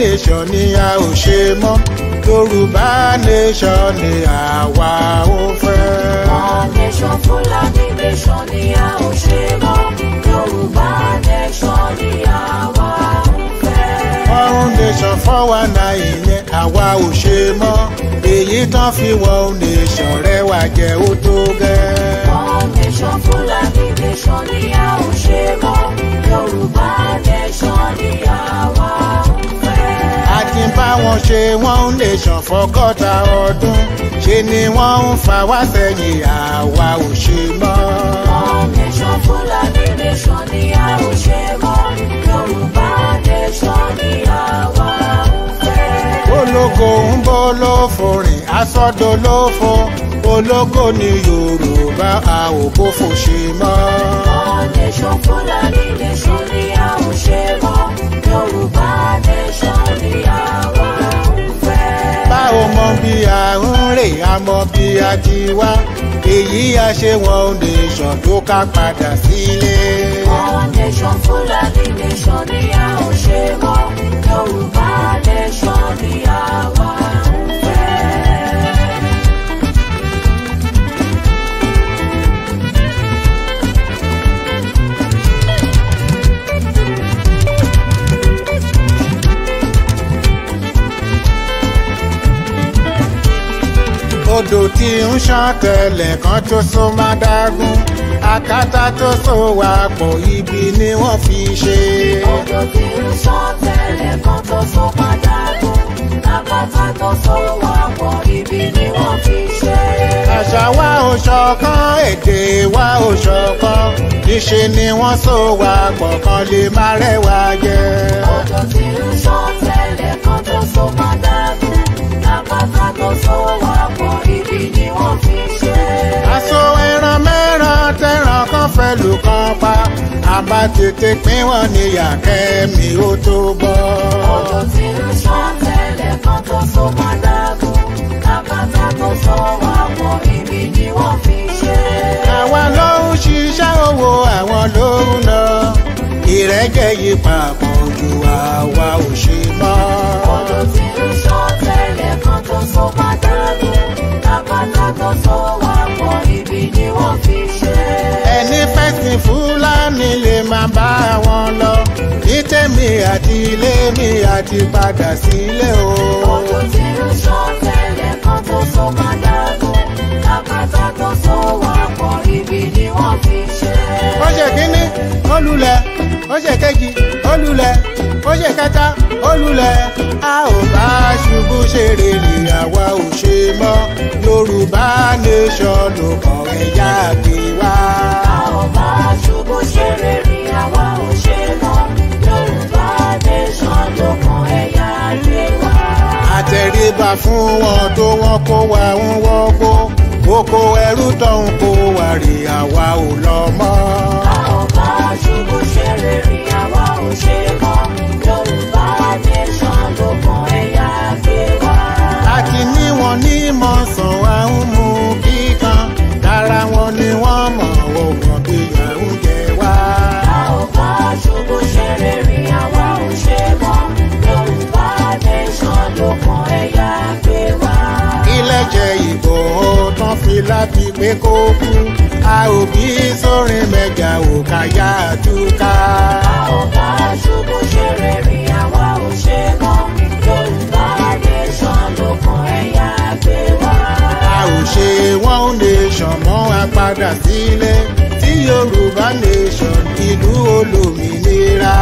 nation ni a ò ṣe mọ́ yorùbá nation ni àwa ò fẹ́. yorùbá nation fúlàní nation ni a ò ṣe mọ́ yorùbá nation ni àwa ò fẹ́. foreign nation fọwọ́ náà ìyẹn àwa ò ṣe mọ́ èyí tán fi wọ nation rẹwà jẹ́ ó tó gẹ́. foreign nation fúlàní nation ni a ò ṣe mọ́ yorùbá nation ni àwa ò fẹ́ ti ń bá wọn ṣe wọ́n ń lè ṣàn fọ́gọ́ta ọdún ṣe ni wọ́n ń fa wá sẹ́yìn àwa ò ṣe mọ́. One Nation Fulani Nation ni a ò ṣe mọ́ Yorùbá Nation ni àwa ò fẹ́. ológo ń bọ́ ló forin asọ́dọ̀ ló ológo ni yorùbá a ò kó fò ṣe mọ́. foundation fúlàní nation ni a ò ṣe mọ́ yorùbá nation ni àwa ń fẹ́. bá mọ bí a ń rè a bí a ti wá èyí a ṣe foundation tó ká padà sílé. foundation fúlàní nation ni a ò ṣe mọ́ yorùbá nation ni àwa ń fẹ́. odò tí ń ṣàn tẹ̀lẹ̀ kan tó so má dágún àkàtà tó so wà pọ̀ ibi ni wọ́n fi ṣe. odò tí ń ṣàn tẹ̀lẹ̀ kan tó so má dágún àkàtà tó so wà pọ̀ ibi ni wọ́n fi ṣe. àṣà wa ò ṣọ̀kan èdè wa ò ṣọ̀kan níṣe ni wọ́n so wà pọ̀ kan lè má rẹwà jẹ. odò tí ń ṣàn tẹ̀lẹ̀ kan tó so má dágún ṣàkóso àpò ibi ni wọ́n fi ṣe. aṣọ ẹran mẹ́ran tẹran kan fẹ́ lù kan pa àbá tètè pín wọn níyà kẹ́mi ó tó bọ́. ọjọ́ tí ń sàn tẹ́lẹ̀ kan tó so padà gùn kábàtà tó sọ wà pọ̀ ibi ni wọ́n fi ṣe. àwa ló ń ṣiṣẹ́ owó àwọn ló ń lọ ìrẹ́jẹ yìí papọ̀ ju àwa ò ṣe mọ́. ọjọ́ tí ń sàn tó so pátá mi àpáta tó so wà pọ̀ ibi ni wọ́n fi ṣe. ẹni fẹ̀sìn fúlàní lè máa bá wọn lọ ní tèmi àti ilé mi àti padà sílé o. ojú ti ń sọ tẹ́lẹ̀ kan tó so pátá mi àpáta tó so wà pọ̀ ibi ni wọ́n fi ṣe. ó ṣe kínní ó lulẹ̀ ó ṣe kejì ó lulẹ̀ ó kẹta ó a ò bá ṣubú ṣeré ni àwa ò ṣe mọ́ yorùbá nation ló kàn ẹ̀yà gbé wá. a ò bá ṣubú ṣeré ni àwa ò ṣe mọ́ yorùbá nation ló kàn ẹ̀yà gbé wá. àtẹ̀ríba fún wọn tó wọ́n kó wa ń wọ́pọ̀ oko ẹrú tọ̀hún kó wá rí àwa ò lọ mọ́. àwọn bá ṣubú ṣe rere àwa ò ṣe mọ́ yorùbá nation ló mọ ẹ̀yà gbé wá. a ti ní wọn ní mọ̀sán wa ń mú kíkan dára wọn ni wọ́n. lẹ́jẹ̀ ìbò tán fi láti pé kó kú a ò bí sórin mẹ́jà ò ká yá àtúkà. a ò bá ṣubú ṣeré rí àwa ò ṣe mọ́ Yorùbá nation lókun ẹ̀yà gbé wá. a ò ṣe one nation mọ́ a padà sílé tí Yorùbá nation ìlú olómìnira.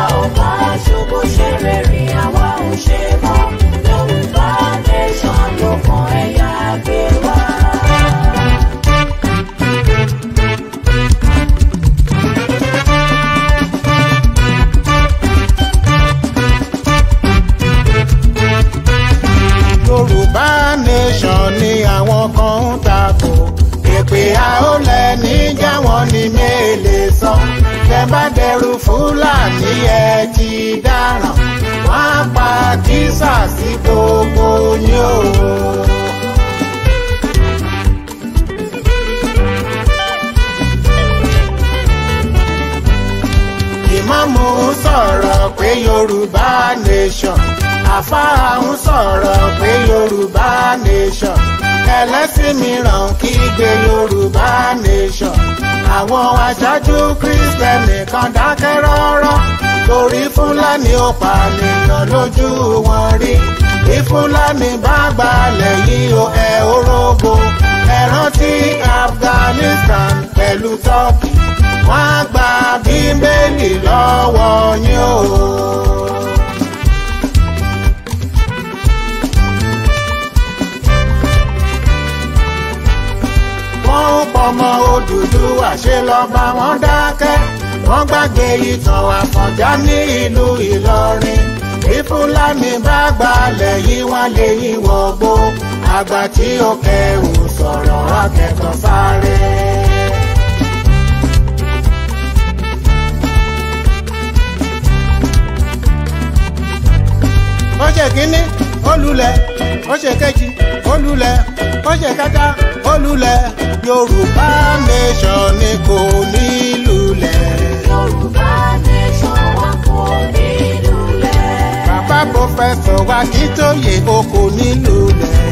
a ò bá ṣubú ṣeré rí àwa. yorùbá nation ni àwọn kan ń takò èpè àólẹ níjà wọn ni mélèé sọ tẹ bá dẹrù fúlàní ẹ ti dáràn wọn á pa kísà sí gbogbo yín o. mo ń sọ̀rọ̀ pé yorùbá nation àfáà ń sọ̀rọ̀ pé yorùbá nation ẹlẹ́sìn mìíràn kígbe yorùbá nation àwọn aṣáájú kristẹni kan dákẹ́ rọ́rọ́ torí fúlàní ò lójú wọn rí bí bá gbalẹ̀ yìí ó ẹ̀ orógbó ẹ rántí Afghanistan pẹ̀lú Turkey wọ́n á gba bíbélì lọ. wọ́n gbàgbé ìtàn Àfọ̀njá ní ìlú Ìlọrin bí bá gbalẹ̀ yìí wọ́n lè yí wọgbó àgbà tí ó kẹwù sọ̀rọ̀ akẹ́kọ̀ọ́ sáré. ó ṣe kínní ó lulẹ̀ ó ṣe kejì ó lulẹ̀ ó ṣe kẹta ó lulẹ̀ Yorùbá nation ni kò ní lulẹ̀. professor Akíntóyè o oko nílò lẹ́yìn.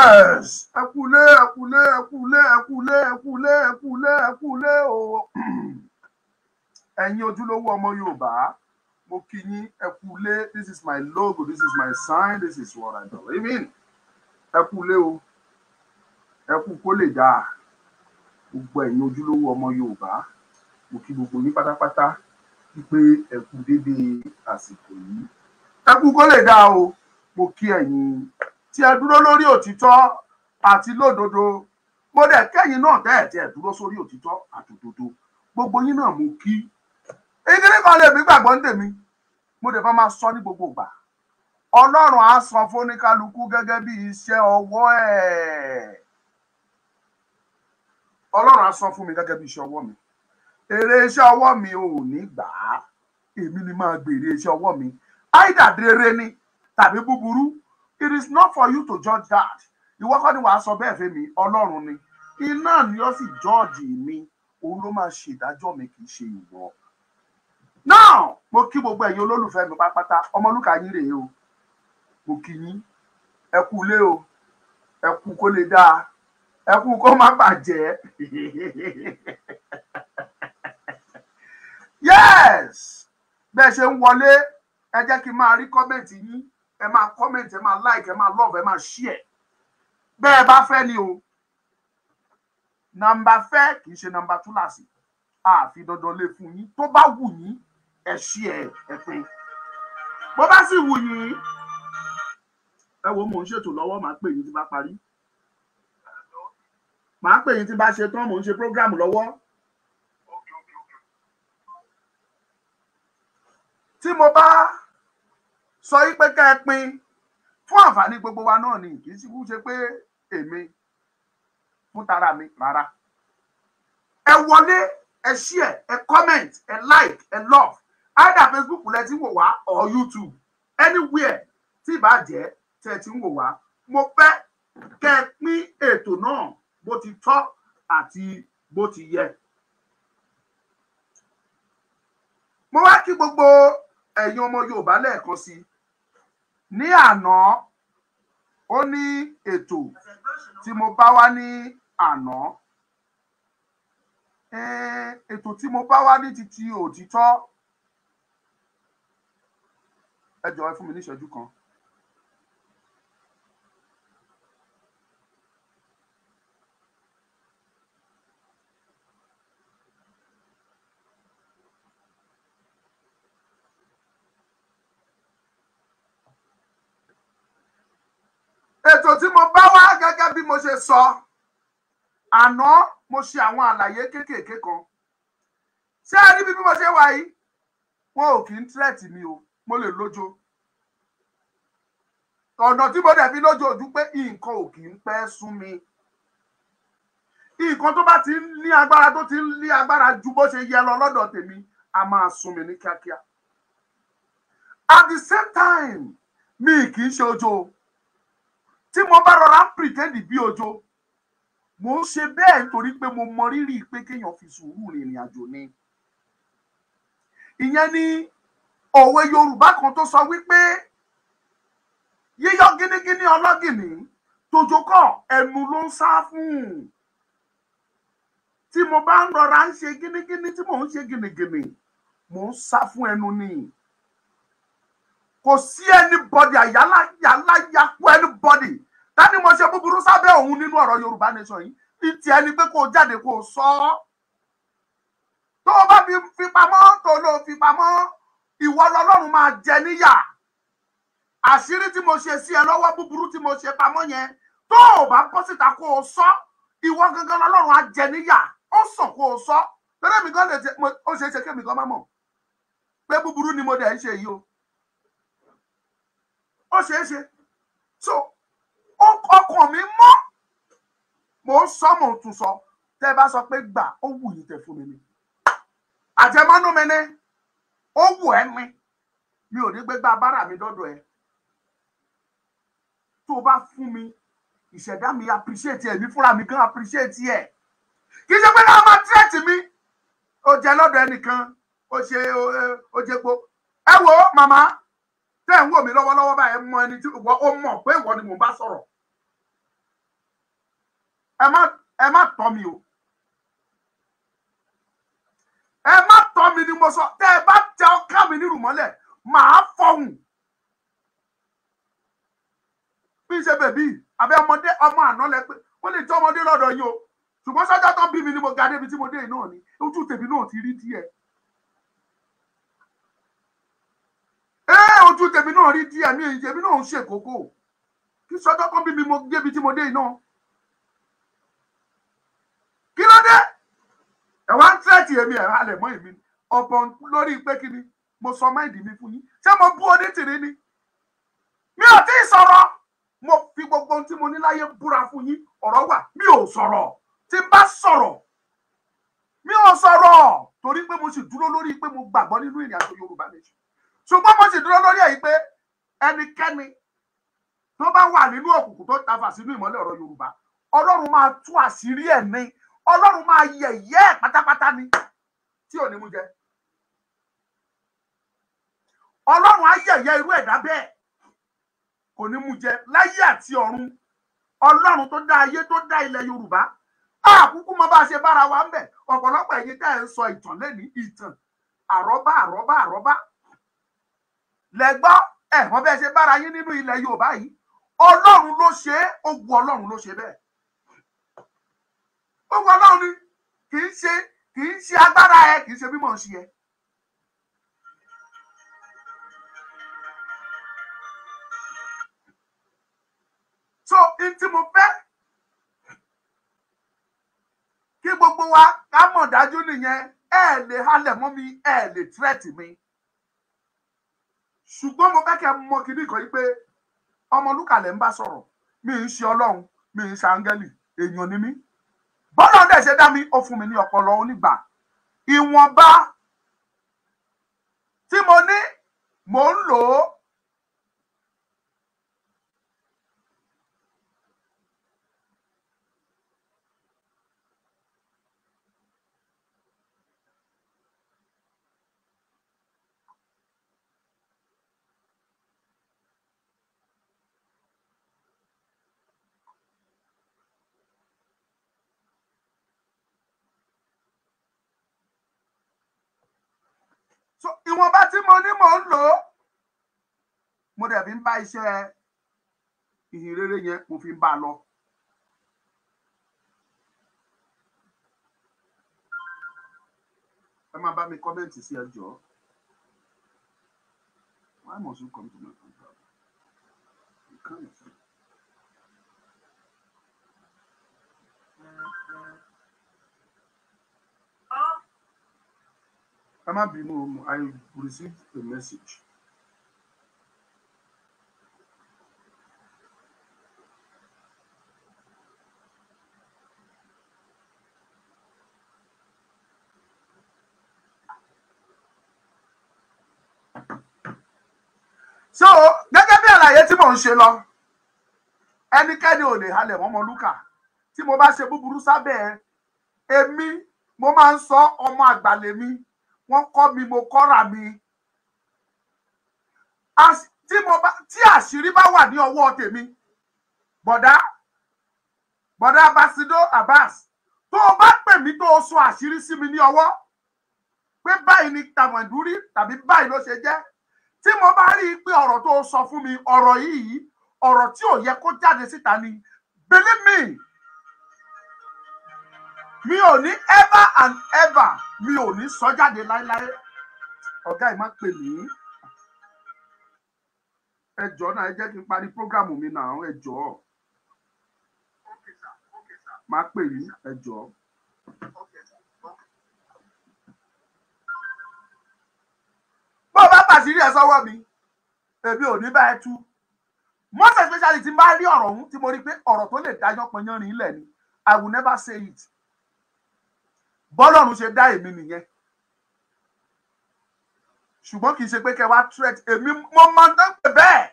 yes ẹkúlé ẹkúlé ẹkúlé ẹkúlé ẹkúlé ẹkúlé ẹkúlé o ẹ̀yin ojúlówó ọmọ yorùbá mo kí yín ẹkúlé this is my logo this is my sign this is what i believe in ẹkúlé o ẹkú kó lè dáa gbogbo ẹ̀yin ojúlówó ọmọ yorùbá mo kí gbogbo yín pátápátá wípé ẹkú dédé àsìkò yìí ẹkú kó lè dáa o mo kí ẹ̀yin tí ẹ dúró lórí òtítọ́ àti lódodo mo dẹ̀ kẹ́yìn náà bẹ́ẹ̀ tí ẹ dúró sórí òtítọ́ àti òdodo gbogbo yín náà mo kí ìdílé kan lè mí gbàgbọ́ ní tèmi mo dẹ̀ fẹ́ máa sọ ní gbogbo ìgbà ọlọ́run á san fóníkálukú gẹ́gẹ́ bí iṣẹ́ ọwọ́ ẹ̀ ọlọ́run á san fún mi gẹ́gẹ́ bí iṣẹ́ ọwọ́ mi èrè iṣẹ́ ọwọ́ mi ò ní gbà á èmi ni máa gbèrè iṣẹ́ ọwọ́ mi áìdà rere ni tàbí búburú it is not for you to judge that ìwọ kọ́ ni wàá sọ bẹ́ẹ̀ fẹ́ mi ọlọ́run ni iná ni ó sì jọ́ọ̀jì mi òun ló máa ṣe ìdájọ́ mi kì í ṣe ìwọ. now mo kí gbogbo ẹ̀yin olólùfẹ́ mi pátápátá ọmọlúkà yín rèé o mo kí yín ẹ kú ilé o ẹ kú kó lè dáa ẹ kú kó má bàjẹ́ yes bẹ́ẹ̀ ṣe ń wọlé ẹ jẹ́ kí n máa rí kọ́mẹ̀ntì yín ẹ máa comment ẹ máa like ẹ máa love ẹ máa share bẹ́ẹ̀ bá fẹ́ ni o nàmbà fẹ́ kì í ṣe nàmbà túláàsì àfi dandan lè fún yín tó bá wù yín ẹ ṣí ẹ ẹ pé bó bá sì wù yín ẹ wo mò ń ṣètò lọ́wọ́ màá pè yín tí bá parí màá pè yín tí bá ṣe tán mò ń ṣe program lọ́wọ́ tí mo bá sọ yí pé ká ẹ pín fún àǹfààní gbogbo wa náà ni kì í sì kú ṣe pé èmi fún tara mi rárá ẹ wọlé ẹ share ẹ comment ẹ like ẹ love either facebook lẹ ti ń wò wá or youtube anywhere tí ìbá jẹ́ tẹ́ ti ń wò wá mo fẹ́ kẹ́ ẹ pín ètò náà bó ti tọ́ àti bó ti yẹ. mo wá kí gbogbo ẹ̀yin ọmọ yorùbá lẹ́ẹ̀kan sí i ní àná ó ní ètò tí mo bá wá ní àná ètò tí mo bá wá ní ti ti òtítọ́ ẹ jọ̀ọ́ fún mi ní ìṣẹ́jú kan. àlejò tí mo bá wá gẹ́gẹ́ bí mo ṣe sọ àná mo ṣe àwọn àlàyé kéékèèké kan ṣé ẹ rí bí mo ṣe wà yìí wọn ò kì í tírẹ̀tì mi o mo lè lójo ọ̀nà tí mo dẹ̀ lójo ojú pé nǹkan ò kì í pẹ́ sún mi nǹkan tó bá ti ń ní agbára tó ti ń ní agbára ju bó ṣe yẹ lọ lọ́dọ̀ tèmi a máa sún mi ní kíákíá at the same time mi kì í ṣe ojo o tí mo bá rọra ń pretend bí ojo mo ń ṣe bẹ́ẹ̀ nítorí pé mo mọ rírì pé kéèyàn fi sùúrù rìnrìn àjò ni ìyẹn ni òwe Yorùbá kan tó sọ wípé yíyọ gínígíní ọlọ́gìnì tojokọ ẹnu ló ń sá fún tí mo bá ń rọra ń ṣe gínígíní tí mò ń ṣe gìnìgìnì mò ń sá fún ẹnu nìyí kò sí anybody àyálà yálà yakú anybody tani mo ṣe búburú sábẹ́ òun nínú ọ̀rọ̀ yorùbá nation yìí ní tiẹ̀ ni pé kó o jáde kó o sọ ọ́ tó o bá fi fi pamọ́ tó ló fi pamọ́ ìwọ lọ́lọ́run máa jẹ níyà àṣírí tí mo ṣe sí ẹ lọ́wọ́ búburú tí mo ṣe pamọ́ yẹn tó o bá bọ́ síta kó sọ ìwọ gangan lọ́lọ́run á jẹ níyà ó sàn kó sọ lórí mi gan lè ṣe ó ṣeé ṣe kémi gan má mọ̀ pé búburú ni mo dẹ̀ ń ṣe yìí o ó ṣeé ṣe so ọkàn mi mọ́ mò ń sọ mò ń tún sọ tẹ́ bá sọ pé gbà ó wù yín tẹ́ fún mi ni àjẹmọ́nú mi ni ó wù ẹ́ mi mi ò ní gbé gbá bára mi dọ́dọ̀ ẹ tó o bá fún mi ìṣẹ̀dá mi appreciate ẹ̀ mi fúnra mi gan appreciate ẹ̀ kì í ṣe pé náà máa tírẹ̀tì mi ó jẹ lọ́dọ̀ ẹnìkan ó ṣe ó jẹ po ẹ wo màmá tẹ́ ẹ̀ ń wò mí lọ́wọ́lọ́wọ́ báyìí ẹ mọ ẹni tí ìwọ ó mọ̀ pé ìwọ ni mò ń bá sọ̀rọ̀ ẹ má ẹ má tọ́ mi o ẹ má tọ́ mi ni mo sọ tẹ́ ẹ bá tẹ ọkà mi nírù mọ́lẹ̀ màá fọhùn bí ṣe bèbí àbẹ ọmọdé ọmọ àná lẹ pé wọ́n lè jẹ́ ọmọdé lọ́dọ̀ yìí o ṣùgbọ́n sọ́jà tó bí mi ni mo ga débi tí mo dé náà ni ojú tèmi náà ti rí díẹ̀. ẹ ojú tèmi náà rí díẹ̀ mi èyí tèmi náà ń ṣe kókó kí sọjọ́ kan bí mi mo débi tí mo dé iná kí ló dé ẹ wá ń tẹ́tì èmi ẹ̀ halẹ̀ mọ́ èmi ọ̀pọ̀ lórí pé kí ni mo sọ máìdì mi fún yín ṣé mo bú ọdẹ tèrè ni mi ò tí ì sọ̀rọ̀ mo fi gbogbo ohun tí mo ní láyé búra fún yín ọ̀rọ̀ wà mi ò sọ̀rọ̀ tí bá sọ̀rọ̀ mi ò sọ̀rọ̀ torí pé mo sì dúró lórí pé mo gbàgbọ́ nínú ìrìn àjò Yorùbá nation ṣùgbọ́n mo sì dúró lórí èyí pé ẹnikẹ́ni tó bá wà nínú òkùnkùn tó tafà sínú ìmọ́lẹ̀ ọ̀rọ̀ Yorùbá Ọlọ́run máa tú àṣírí ẹ̀ ní Ọlọ́run máa yẹ̀yẹ́ ẹ̀ pátápátá ni tí ò ní mú jẹ Ọlọ́run á yẹ̀yẹ́ irú ẹ̀dá bẹ́ẹ̀ kò ní mú jẹ láyé àti ọ̀run Ọlọ́run tó dá ayé tó dá ilẹ̀ Yorùbá àkúkú mọ bá a ṣe bára wa ń bẹ ọ̀pọ̀lọpọ̀ ẹ̀yin tẹ́ ẹ̀ ń sọ ìtàn lẹ́ni ìtàn àrọ́bá àrọ́bá àrọ́bá lẹ́gbọ́ ẹ̀ wọ́n bẹ́ẹ̀ ṣe bára yín nínú ilẹ̀ Yorùbá yìí Ọlọ́run ló ṣe é ogun Ọlọ́run ló ṣe bẹ́ẹ̀ ogun Ọlọ́run ni kì í ṣe kì í ṣe agbára ẹ kì í ṣe bímọ ṣe ẹ. so n tí mo fẹ́ kí gbogbo wa ká mọ̀ dájú nìyẹn ẹ lè halẹ̀ mọ́ mi ẹ lè tírẹ̀tì mi ṣùgbọ́n mo fẹ́ kẹ́ mọ kíní kan yìí pé ọmọlúkàlẹ̀ ń bá sọ̀rọ̀ mi ń ṣe ọlọ́run mi ń ṣe áńgẹ́lì èèyàn ni mí bọ́lá ọ̀dẹ̀ ṣe dá mi ó fún mi ní ọpọlọ onígbà ìwọ̀nba so ìwọ̀nba tí mo ní mò ń lò ó mo dẹ̀ fi ń bá iṣẹ́ ìhìnrere yẹn mo fi ń bá a lọ. ẹ máa bá mi kọ́mẹ́ǹtì sí ẹ Why must you come to my compound? You can't. ẹ má i received a message. so gẹ́gẹ́ bí àlàyé tí mò ń ṣe lọ ẹnikẹ́ni ò lè halẹ̀ mọ́ Ọmọlúkà tí mo bá ṣe búburú sábẹ́ èmi mo máa ń sọ ọmọ àgbàlẹ̀ mi wọ́n kọ́ mi mo kọ́ra mi tí mo bá tí àṣírí bá wà ní ọwọ́ tèmi bọ̀dá bọ̀dá Basido Abbas tó o bá pè mí tó o sọ àṣírí sí mi ní ọwọ́ pé báyìí ni tàmọ̀dúrí tàbí báyìí ló ṣe jẹ́ tí mo bá rí i pé ọ̀rọ̀ tó o sọ fún mi ọ̀rọ̀ yìí ọ̀rọ̀ tí ò yẹ kó jáde síta ni believe me mi ò ní ever and ever mi ò ní sọ jáde láéláé ọ̀gá ẹ̀ má pè mí ẹ jọ̀ọ́ náà ẹ jẹ́ kí n parí prógrámù mi náà ẹ jọ̀ọ́ má pè mí ẹ jọ̀ọ́. bó o bá pàṣírí ẹ sọ́wọ́ mi èmi ò ní bá ẹ tú most especially tí n bá rí ọ̀rọ̀ ọ̀hún tí mo rí pé ọ̀rọ̀ tó lè dájọ́ pọnyán rìn lẹ̀ ni I will never say it bọ́lọ́run ṣe dá èmi nìyẹn ṣùgbọ́n kì í ṣe pé kẹ́ threat èmi mo máa ń dẹ́pẹ̀ bẹ́ẹ̀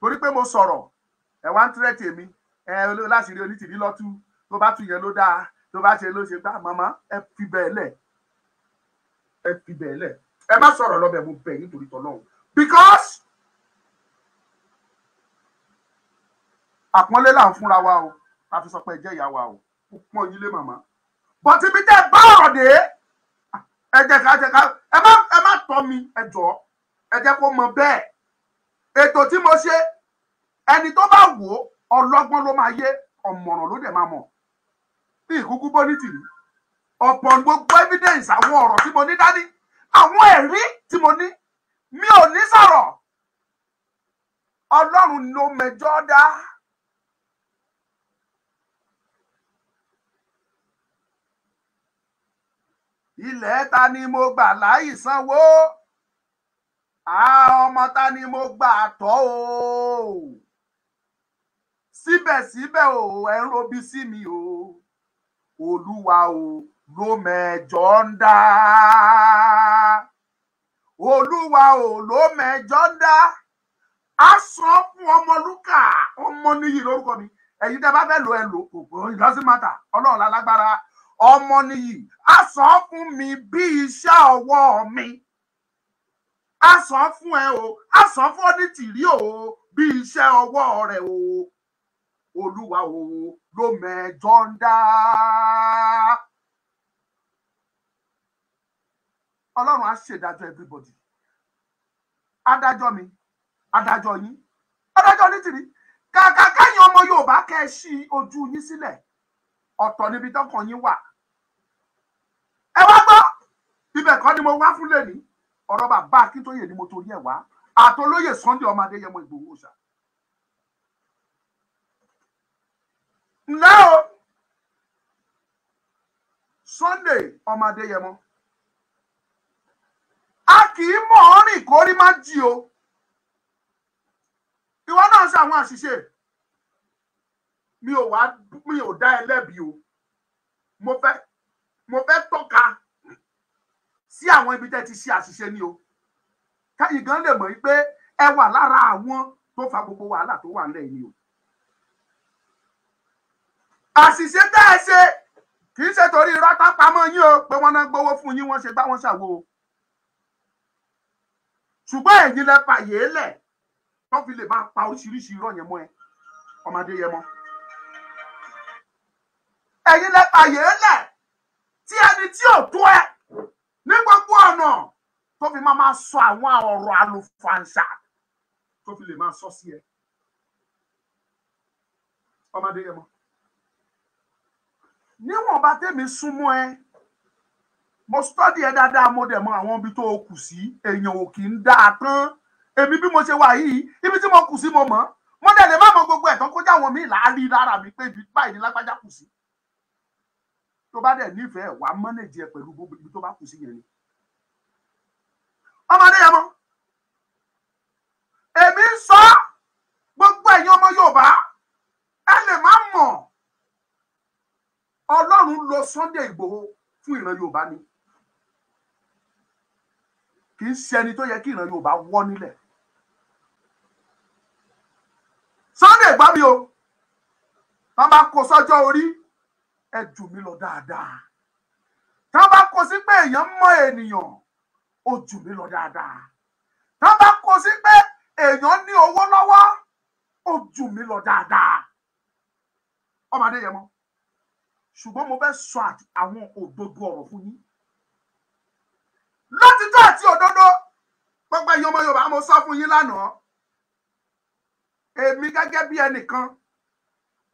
torí pé mo sọ̀rọ̀ ẹ̀ wá ń threat èmi ẹ̀ láti rí onítìrí lọ́tú tó bá tún yẹn ló dáa tó bá ṣe ló ṣe gbá màmá ẹ fi bẹ́ẹ̀ lẹ̀ ẹ fi bẹ́ẹ̀ lẹ̀ ẹ má sọ̀rọ̀ lọ́bẹ̀ mo bẹ̀ nítorí tọ́lọ́run because àpọ́nlé là ń fúnra wa o àfi sọ pé ẹ jẹ́ ìyá wa o ó pọ́n yín lé màmá bọ̀tí bí tẹ́ bá ọ̀rọ̀ dé ẹ jẹ́ ká jẹ́ ká ẹ má ẹ má tọ́ mi ẹ jọ ẹ jẹ́ kó mọ bẹ́ẹ̀ ètò tí mo ṣe ẹni tó bá wò ó ọlọ́gbọ́n ló máa yé ọ̀mọ̀ràn ló dẹ̀ máa mọ̀ bí ìkúkú bó ní tìlú ọ̀pọ̀ gbogbo evidence àwọn ọ̀rọ̀ tí mo ní dání àwọn ẹ̀rí tí mo ní mi ò ní sọ̀rọ̀ ọlọ́run ló mẹjọ́ dá. ilẹ̀ ta ni mo gbà láì sanwó ọmọ ta ni mo gbà tọ́ o síbẹ̀síbẹ̀ o ẹ̀ ń robi sí mi o olúwa o ló mẹjọ ń dá olúwa o ló mẹjọ ń dá a sọ fún ọmọlúkà ọmọ níyì lórúkọ mi ẹ̀yin tẹ́ bá fẹ́ lò ẹ lò kò gbọ́ it doesn't matter ọlọ́run lálágbára ọmọ nìyí á san fún mi bí iṣẹ́ ọwọ́ mi á san fún ẹ o á san fún onítìrí o bí iṣẹ́ ọwọ́ rẹ o olúwa o ló mẹjọ ń dá. ọlọ́run á ṣèdájọ́ everybody adájọ́ mi adájọ́ yín adájọ́ onítìrí kàkà kẹ́yìn ọmọ yorùbá kẹ́ ẹ ṣí ojú yín sílẹ̀ ọ̀tọ̀ níbi tọkàn yín wà ẹ wá gbọ́ ibẹ̀ kọ́ ni mo wá fún lẹ́ni ọ̀rọ̀ bàbá Akíntóyè ni mo torí ẹ̀ wá àtolóyè Sunday ọmọ Adéyẹmọ Ìgbòho ṣá. ǹlẹ́ o Sunday ọmọ Adéyẹmọ a kì í mọ̀ ọ́ rìn kórí má jì o ìwọ náà ṣe àwọn àṣìṣe mi ò wá mi ò dá ẹ lẹ́bi o mo fẹ́ mo fẹ́ tọ́ka sí àwọn ibi tẹ́ ti ṣe àṣìṣe ni o káyìn gan lè mọ̀ pé ẹ wà lára àwọn tó fa gbogbo wàhálà tó wà nílẹ̀ yìí o àṣìṣe tẹ́ ẹ ṣe kì í ṣe torí irọ́ tán pamọ́ yín o pé wọ́n náà gbowó fún yín wọ́n ṣe bá wọn ṣàwo o ṣùgbọ́n ẹ̀yin lẹ fàyè lẹ̀ tó fi lè máa pa oríṣiríṣi irọ́ yẹn mọ́ ẹ ọmọdé yẹn mọ́ ẹ̀yin lẹ pààyè lẹ̀ tí ẹni tí ò tó ẹ ní gbogbo ọ̀nà tó fi máa sọ àwọn ọ̀rọ̀ àlùfàǹṣà tó fi lè máa sọ sí ẹ. ọmọdé yẹn mọ níwọ̀nba tèmi súnmọ́ ẹ mo stọ́dì ẹ dáadáa mo dẹ̀ mọ àwọn ibi tó o kù sí èèyàn ò kì í dáa tán èmi bí mo ṣe wà yìí ibi tí mo kù sí mo mọ̀ mo dẹ̀ lè má mọ gbogbo ẹ̀ tán kó jẹ́ àwọn míì láàárín lára mi pé ibi báyìí ni lágbájá kù sí tó bá dẹ̀ nífẹ̀ẹ́ wàá mọ́nẹ̀jì ẹ pẹ̀lú gbogbo ibi tó bá kù sí yẹn ni. ọmọ adéyẹmọ èmi ń sọ gbogbo ẹ̀yin ọmọ Yorùbá ẹ lè má mọ̀ Ọlọ́run lo Sunday Ìgbòho fún ìran Yorùbá ni kì í ṣe ẹni tó yẹ kí ìran Yorùbá wọ́ nílẹ̀ Sunday gbá mi o wọn bá kó sọ́jọ́ orí ẹ jù mí lọ dáadáa tá a bá kó sí pé èèyàn mọ ènìyàn ó jù mí lọ dáadáa tá a bá kó sí pé èèyàn ní owó lọ́wọ́ ó jù mí lọ dáadáa ọmọdé yẹn mọ ṣùgbọ́n mo fẹ́ sọ àwọn òdodo ọ̀rọ̀ fún yín lọ́títọ́ àti òdodo pẹ́pẹ́ yọmọ Yorùbá mo sọ fún yín lánàá èmi gẹ́gẹ́ bí ẹnìkan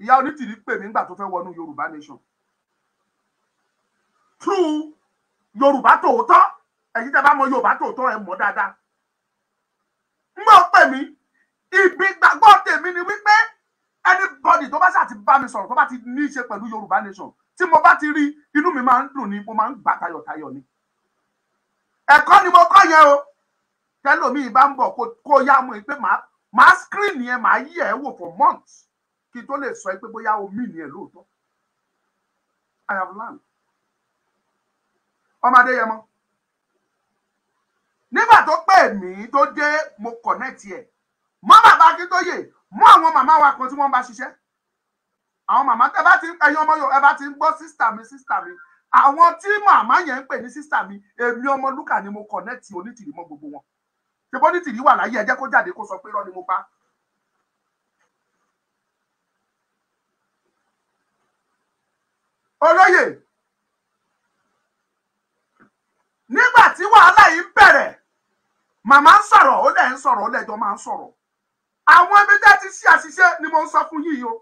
ìyá onítìrí pè mí nígbà tó fẹ́ wọnú yorùbá nation true yorùbá tòótọ́ ẹ̀yin tẹ́ bá mọ yorùbá tòótọ́ ẹ̀ mọ̀ dáadáa mo pè mí ibi gbàgbọ́ tèmi ni wípé anybody tó bá ṣáà ti bá mi sọ̀rọ̀ tó bá ti ní í ṣe pẹ̀lú yorùbá nation tí mo bá ti rí inú mi máa ń dùn ni mo máa ń gbà tayọ̀tayọ̀ ni ẹ̀kọ́ ni mo kọ́ yẹn o tẹ́lómi ìbá ń bọ̀ kó yá mu pé màá screen yẹn màá yẹ̀ ẹ́ wò for months kí tó lè sọ pé bóyá o mí nìyẹn lóòótọ́ i have learned ọmọ adéyẹmọ nígbà tó pè mí tó dé mo connect ẹ mọ bàbá akíntóyè mú àwọn màmá wa kan tí wọ́n bá ṣiṣẹ́ àwọn màmá ẹ bá ti ẹ̀yin ọmọ yòó ẹ bá ti ń gbọ́ sísítà mi sísítà mi àwọn tí màmá yẹn ń pè ní sísítà mi èmi ọmọ lúkà ni mo connect onítìrí mọ́ gbogbo wọn ṣe bọ́ onítìrí wà láyé ẹ jẹ́ kó jáde kó sọ pé irọ́ ni mo pa olóyè nígbà tí wàhálà yìí bẹ̀rẹ̀ màmá ń sọ̀rọ̀ ó dẹ̀ ń sọ̀rọ̀ ó dẹ̀ jọ máa ń sọ̀rọ̀ àwọn ibi tẹ́ ti ṣe àṣìṣe ni mo ń sọ fún yìí o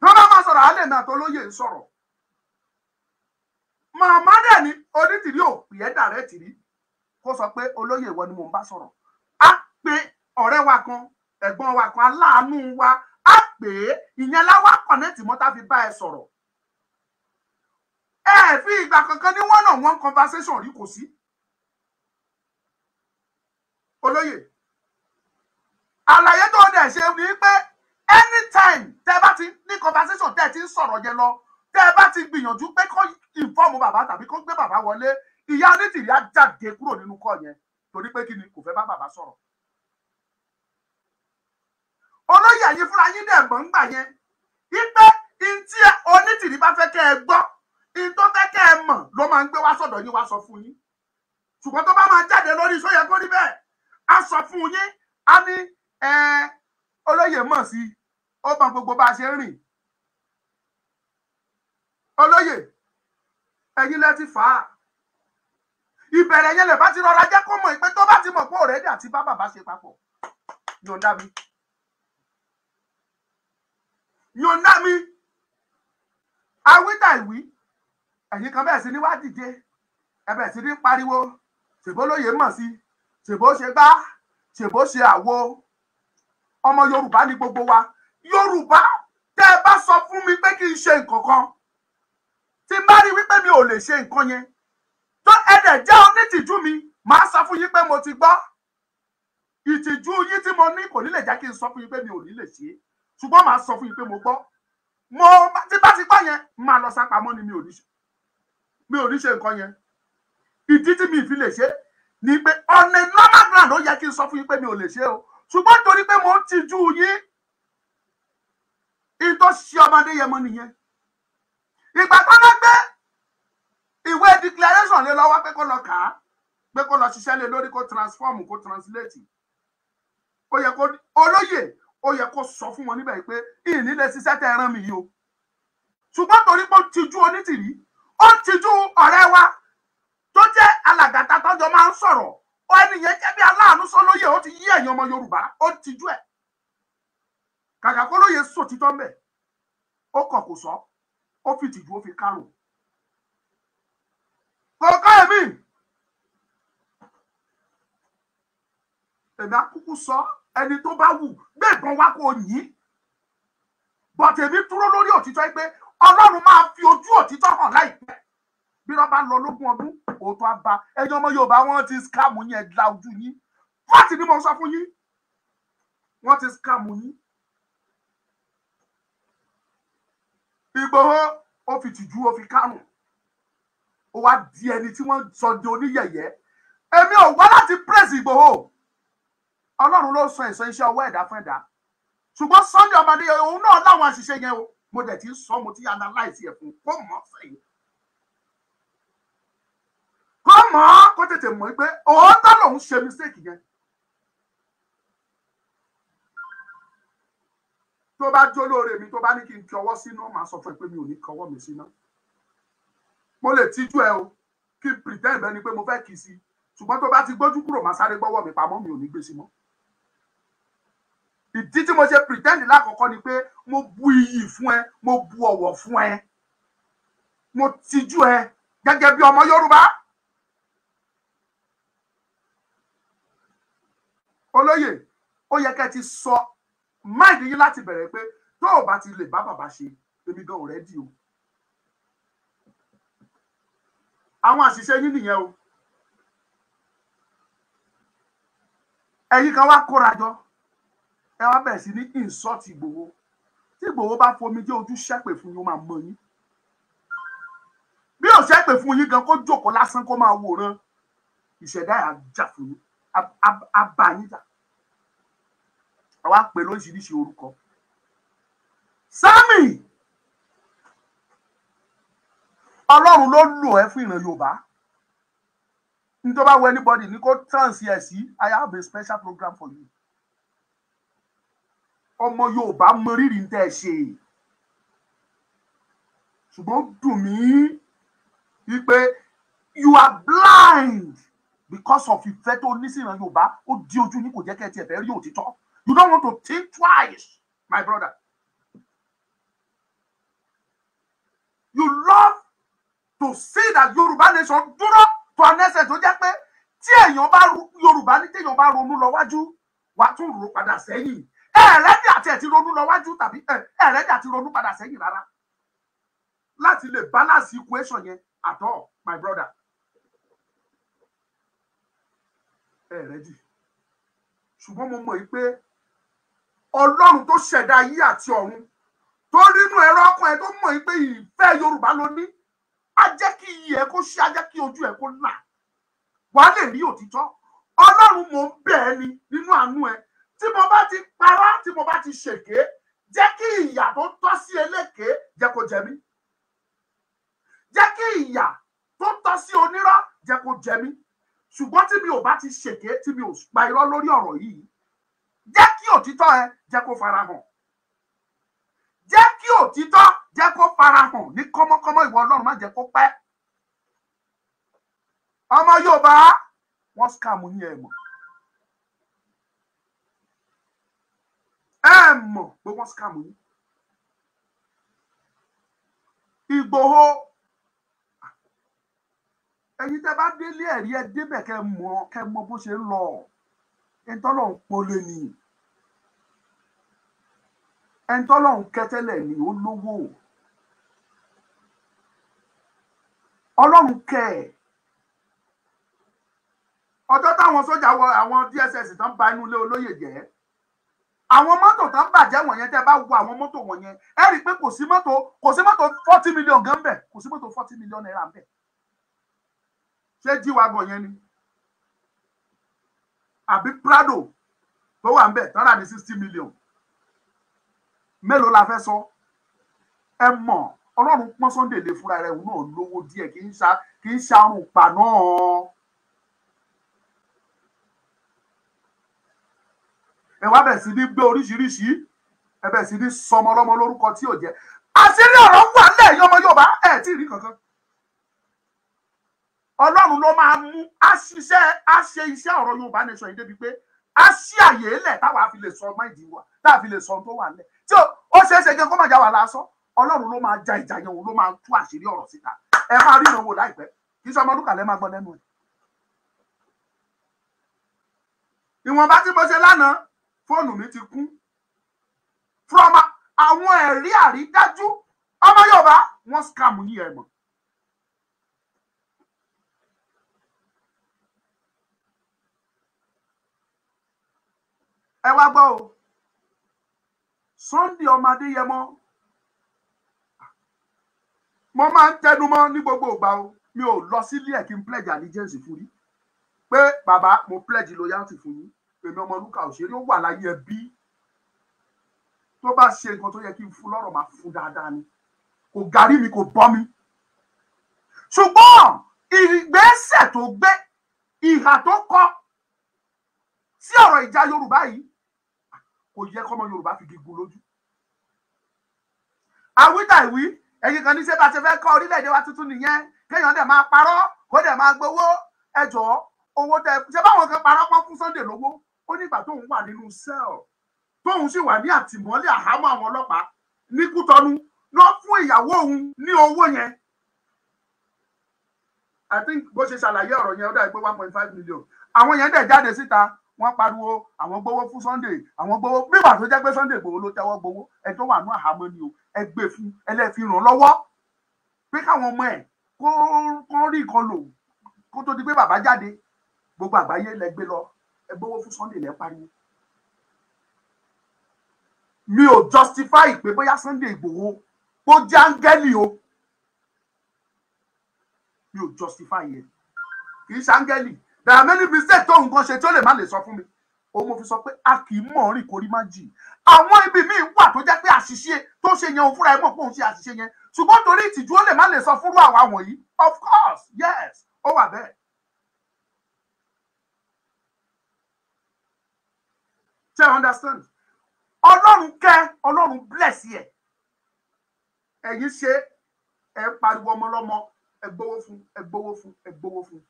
tó bá máa sọ̀rọ̀ àálẹ̀ mi àti olóyè ń sọ̀rọ̀ màmá dẹ̀ ni onítìrí ò pè dàrẹ́ tìrí kó sọ pé olóyè ìwọ ni mò ń bá sọ̀rọ̀ á pe ọ̀rẹ́ wa kan ẹ̀gbọ́n wa kan aláàánú wa á pè é ìyẹn láwá kọ̀nẹ́tì mọ́tà fi bá ẹ sọ̀rọ̀ ẹ fi ìgbà kankan ní one on one conversation rí kò sí olóyè àlàyé tó dẹ̀ ṣe ni pé anytime tẹ́ bá ti ní conversation tẹ́ ti ń sọ̀rọ̀ yẹn lọ tẹ́ bá ti gbìyànjú pé kó ìfọ́ọ̀mù bàbá tàbí kó gbé bàbá wọlé ìyá onítìrí á jáde kúrò nínú kọ́ yẹn torí pé kí ni kò fẹ́ bá bàbá sọ̀rọ̀ olóyè ẹ̀yin fúnra yín dẹ̀ mọ̀ ń gbà yẹn wípé ntí onítìrí bá fẹ́ kẹ́ ẹ gbọ́ ntó fẹ́ kẹ́ ẹ mọ̀ ló máa ń gbé wá sọ̀dọ̀ yín wá sọ fún yín ṣùgbọ́n tó bá máa jáde lórí sóyẹ kó rí bẹ́ẹ̀ á sọ fún yín á ní olóyè mọ̀ sí ó mọ gbogbo bá a ṣe ń rìn olóyè ẹ̀yin lẹ ti fà á ìbẹ̀rẹ̀ yẹn lè bá ti rọra jẹ́ kó mọ̀ pé tó bá ti mọ̀ pé ọ̀rẹ́dì àti bá bàbá ṣe papọ̀ yọ̀ǹda mi yọ̀ǹda mi awítàwí ẹ̀yin kan bẹ́ẹ̀ sí ní wá dìde ẹ bẹ́ẹ̀ sí ní pariwo ṣèbó lóye mọ̀ sí ṣèbó ṣe gbá ṣèbó ṣe àwo ọmọ yorùbá ni gbogbo wa yorùbá tẹ́ ẹ bá sọ fún mi pé kí n ṣe nǹkan kan tí n bá rí wípé mi ò lè ṣe nǹkan yẹn tó ẹ̀dẹ̀ jẹ́ onítìjú mi màá sọ fún yín pé mo ti gbọ́ ìtìjú yín tí mo ní kò ní lè jẹ́ kí n sọ fún yín pé mi ò ní lè ṣe é ṣùgbọ́n màá sọ fún yín pé mo gbọ́ mo tipátipá yẹn máa lọ sápamọ́ ni mi ò ní ṣe mi ò ní ṣe nǹkan yẹn ìdí tí mi ì fi lè ṣe ni pé ọ̀nà normal ground ó yẹ kí n sọ fún yín pé mi ò lè ṣe o ṣùgbọ́n torí pé mo ń tijú yín ìtò ṣe ọmọdé yẹn mọ́ nìyẹn ìgbà tó lọ gbé ìwé declaration lé lọ́wọ́ pé kó lọ kà á pé kó lọ ṣiṣẹ́ lé lórí kó transform kó translate ó yẹ kó olóyè ó yẹ kó sọ fún wọn níbẹ̀ yìí pé ìní lè ṣiṣẹ́ tẹ́ ẹ mi yìí o ṣùgbọ́n torí pé ó tijú onítìrí ó tijú ọ̀rẹ́ wa tó jẹ́ alàgàtà tọ́jọ́ máa ń sọ̀rọ̀ ó ẹnìyẹn jẹ́ bí aláàánú sọlóyè ó ti yí ẹ̀yin ọmọ Yorùbá ó tijú ẹ̀ kàkà kó lóye sòtítọ́ mbẹ̀ ó kọ̀ kò sọ ó fi tìjú ó fi kárùn kò ká èmi èmi sọ ọ́ ẹni tó bá wù gbé ìbọn wá kó yìn bọ̀tẹ̀ mi dúró lórí òtítọ́ pé ọlọ́run máa fi ojú òtítọ́ hàn láìpẹ́ bí wọ́n bá lọ lógún ọdún òótọ́ á ba ẹ̀yin ọmọ Yorùbá wọ́n ti skáàmù yẹn la ojú yín fọ́ọ̀tì ni mo sọ fún yín wọ́n ti skáàmù yín. Ìgbòho ó fi tìjú ó fi kárùn ó wá di ẹni tí wọ́n sọ di oníyẹ̀yẹ́ èmi ò wá láti praise Ìgbòho ọlọ́run ló sọ èso iṣẹ́ ọwọ́ ẹ̀dá fún ẹ̀dá ṣùgbọ́n Sunday ọmọdé òun náà láwọn àṣìṣe yẹn o mo dẹ̀ ti sọ mo ti analyse ẹ̀ fún kó mọ̀ sẹ́yìn kó mọ̀ kó tètè mọ̀ pé òótọ́ lòun ṣe mistake yẹn tó bá jó lóore mi tó bá ní kí n kọwọ́ sínú màá sọ fún ẹ pé mi ò ní kọwọ́ mi síná mo lè tíjú ẹ o kí n pretend bẹ́ẹ̀ ni pé mo fẹ́ kì í sí ṣùgbọ́n tó bá ti gbójú kúrò màá sáré gbọ́wọ́ mi pamọ́ mi ò ní gbé sí mọ́ ìdí tí mo ṣe pretend lákọ̀ọ́kọ́ ni pé mo bu iyì fún ẹ mo bu ọ̀wọ̀ fún ẹ mo tijú ẹ gẹ́gẹ́ bí ọmọ Yorùbá. olóyè ó yẹ kẹ́ ti sọ máìdí yín láti bẹ̀rẹ̀ pé tó o bá ti lè bá bàbá ṣe èmi gan ò rẹ́dí o. àwọn àṣìṣe yín nìyẹn o ẹ̀yin kan wá kóra jọ ẹ wá bẹ̀rẹ̀ sí ní insult Ìgbòho tí Ìgbòho bá fomi jẹ́ ojú ṣépè fún yín ó máa mọ yín bí ò ṣépè fún yín gan kó jókòó lásán kó máa wòran ìṣẹ̀dá yà jà fún yín abà yín jà àwa pè lóríṣiríṣi orúkọ Sammy ọlọ́run ló lò ẹ́ fún ìran Yorùbá ní tó bá wọ anybody ní kó tàn sí ẹ̀ sí I have a special program for you ọmọ yorùbá mọ rírì ń tẹ́ ẹ ṣe ṣùgbọ́n dùn mí wípé you are blind because of ìfẹ́ tó ní sí ìran yorùbá ó di ojú yín kò jẹ́ kẹ́ ẹ tiẹ̀ fẹ́ rí òtítọ́ you don't want to think twice my brother you love to see that yorùbá nation dúró to an essence tó jẹ́ pé tí èèyàn bá yorùbá ní tí èèyàn bá ronú lọ wájú wàá tún rò padà sẹ́yìn ẹ̀ẹ́dẹ́gbẹ̀rún àti ẹ̀ ti ronú lọ wájú tàbí ẹ̀rẹ́dì àti ronú padà sẹ́yìn rárá láti lè balance equation yẹn at all my brother ẹ̀rẹ́dì ṣùgbọ́n mo mọ̀ yìí pé ọlọ́run tó ṣẹ̀dá ayé àti ọ̀run tó rínú ẹ̀rọ ọkàn tó mọ̀ yìí pé ìfẹ́ yorùbá ló ní á jẹ́ kí iyì ẹ̀ kó ṣe á jẹ́ kí ojú ẹ̀ kó là wàá lè rí òtítọ́ ọlọ́run mò ń bẹ̀ ẹ́ ni nínú àánú ẹ̀ tí mo bá ti parọ́ tí mo bá ti ṣèké jẹ́ kí ìyà tó tọ́ sí eléké jẹ́ kó jẹ mí jẹ́ kí ìyà tó tọ́ sí onírọ́ jẹ́ kó jẹ mí ṣùgbọ́n tí mi ò bá ti ṣèké tí mi ò pa irọ́ lórí ọ̀rọ̀ yìí jẹ́ kí òtítọ́ ẹ jẹ́ kó farahàn jẹ́ kí òtítọ́ jẹ́ kó farahàn ní kọ́mọ́kọ́mọ́ ìwọ ọlọ́run má jẹ́ kó pẹ́ ọmọ Yorùbá wọ́n scam yín ẹ̀ mọ́. ẹ mọ̀ pé wọ́n scam yín Ìgbòho ẹ̀yin tẹ́ bá délé ẹ̀rí ẹ débẹ̀ kẹ́ mọ̀ kẹ́ mọ̀ bó ṣe ń lọ ẹ̀ńtọ́lọ̀ ń pọ́lé ni ẹ̀ńtọ́lọ̀ ń kẹ́tẹ́lẹ̀ ni ó lówó ọlọ́run kẹ́ ẹ̀ ọjọ́ táwọn sójà wọ àwọn DSS tán ba inú ilé olóyè jẹ́ àwọn mọ́tò tó ń bàjẹ́ wọ̀nyẹn tẹ́ bá wo àwọn mọ́tò wọ̀nyẹn ẹ rí i pé kò sí mọ́tò kò sí mọ́tò forty million gan bẹ̀ kò sí mọ́tò forty million naira bẹ̀ ṣé jíwagọ̀ yẹn ni àbí Prado tó wà ń bẹ̀ tọ́ra ní sixty million mélòó la fẹ́ sọ ẹ mọ̀ ọlọ́run pọ́n Sunday lè fúnra rẹ̀ òun náà lówó díẹ̀ kì í ṣa kì í ṣarun pa náà. ẹ wá bẹ̀rẹ̀ sí ní gbé oríṣiríṣi ẹ bẹ̀rẹ̀ sí ní sọmọ ọlọ́mọ lórúkọ tí ò jẹ́ àṣírí ọ̀rọ̀ wà lẹ́yìn ọmọ Yorùbá ẹ̀ tí ì rí kankan Ọlọ́run ló máa mú a ṣiṣẹ́ a ṣe iṣẹ́ ọ̀rọ̀ Yorùbá nation yìí débi pé a ṣí àyè lẹ̀ táwa fi lè sọ máìdì wa táà fi lè sọ tó wà lẹ̀ tí ó ṣeé ṣe gan kó má já wa lásán Ọlọ́run ló máa ja ìjà yẹn òun ló máa tú àṣírí ọ̀rọ̀ síta ẹ máa rí ìrànwọ́ láìpẹ́ kì í ṣe ọmọlúkà lẹ́ máa gbọ́ lẹ́nu ẹ̀. ìwọ̀nba tí mo ṣe lánàá fóònù mi ti kún from àwọn ẹ̀rí àrídájú ọmọ Yorùbá wọ́n scam yìí ẹ̀ mọ̀. ẹ wá gbọ́ o Sunday ọmọ Adéyẹmọ mo máa ń tẹnumọ́ ní gbogbo ìgbà o mi ò lọ sílé ẹ̀ kí n pledge allegiance fún yín pé bàbá mo pledge loyalty fún yín Pèmí Ọmọlúkà òṣèré ó wà láyé ẹbí tó bá ṣe nǹkan tó yẹ kí n fún lọ́rọ̀ máa fún dáadáa ni kò garí mi kò bọ́ mi ṣùgbọ́n ìgbésẹ̀ tó gbé ìhà tó kọ sí ọ̀rọ̀ ìjà Yorùbá yìí kò yẹ kọ́mọ Yorùbá fi gígùn lójú àwítàwí ẹ̀yin kan ní ṣé bá ṣe fẹ́ kọ́ orílẹ̀-èdè wa tuntun nìyẹn kéèyàn dẹ̀ máa parọ́ kó dẹ̀ máa gbowó ẹjọ́ owó tẹ ṣe báwọn kan parọ́ pọ́n fún Sunday lówó ó nígbà tóun wà nínú sẹ́ẹ̀l tóun sì wà ní àtìmọ́lé àhámọ́ àwọn ọlọ́pàá ní Kútọ́nù lọ fún ìyàwó òun ní owó yẹn I think bó ṣe ṣàlàyé ọ̀rọ̀ yẹn ó dàbí pé one point five million àwọn yẹn dẹ̀ jáde síta wọ́n pariwo àwọn gbowó fún Sunday àwọn gbowó bíbà tó jẹ́ pé Sunday gbowó ló tẹ́wọ́ gbowó ẹ tó wà ní àhámọ́ ni o ẹ gbé e fún ẹlẹ́fi ràn lọ́wọ́ pé káwọn ọmọ ẹ̀ kó rí nǹkan lò kó tó di pé bàbá jáde gbogbo àgbáyé lẹ gbé lọ ẹ gbowó fún Sunday lẹ pariwo mi ò justify pé bóyá Sunday Ìgbòho kó jẹ́ áńgẹ́lì o mi ò justify yẹ kì í ṣe áńgẹ́lì there are many mistakes tó nǹkan ṣe tí ó lè má lè sọ fún mi òun mo fi sọ pé a kì í mọ̀ rìn kórí má jì àwọn ibi míì wà tó jẹ́ pé àṣìṣe tó ṣe yẹn òun fúnra ẹ̀ mọ̀ pé òun ṣe àṣìṣe yẹn ṣùgbọ́n torí ìtìjú ó lè má lè sọ fúnrú àwa wọ̀nyí of course yes ó wà bẹ́ẹ̀ ṣe understand ọlọ́run kẹ́ ọlọ́run bless yẹ ẹ̀yin ṣe ẹ pariwo ọmọlọ́mọ ẹ gbowó fún ẹ gbowó fún ẹ gbowó fún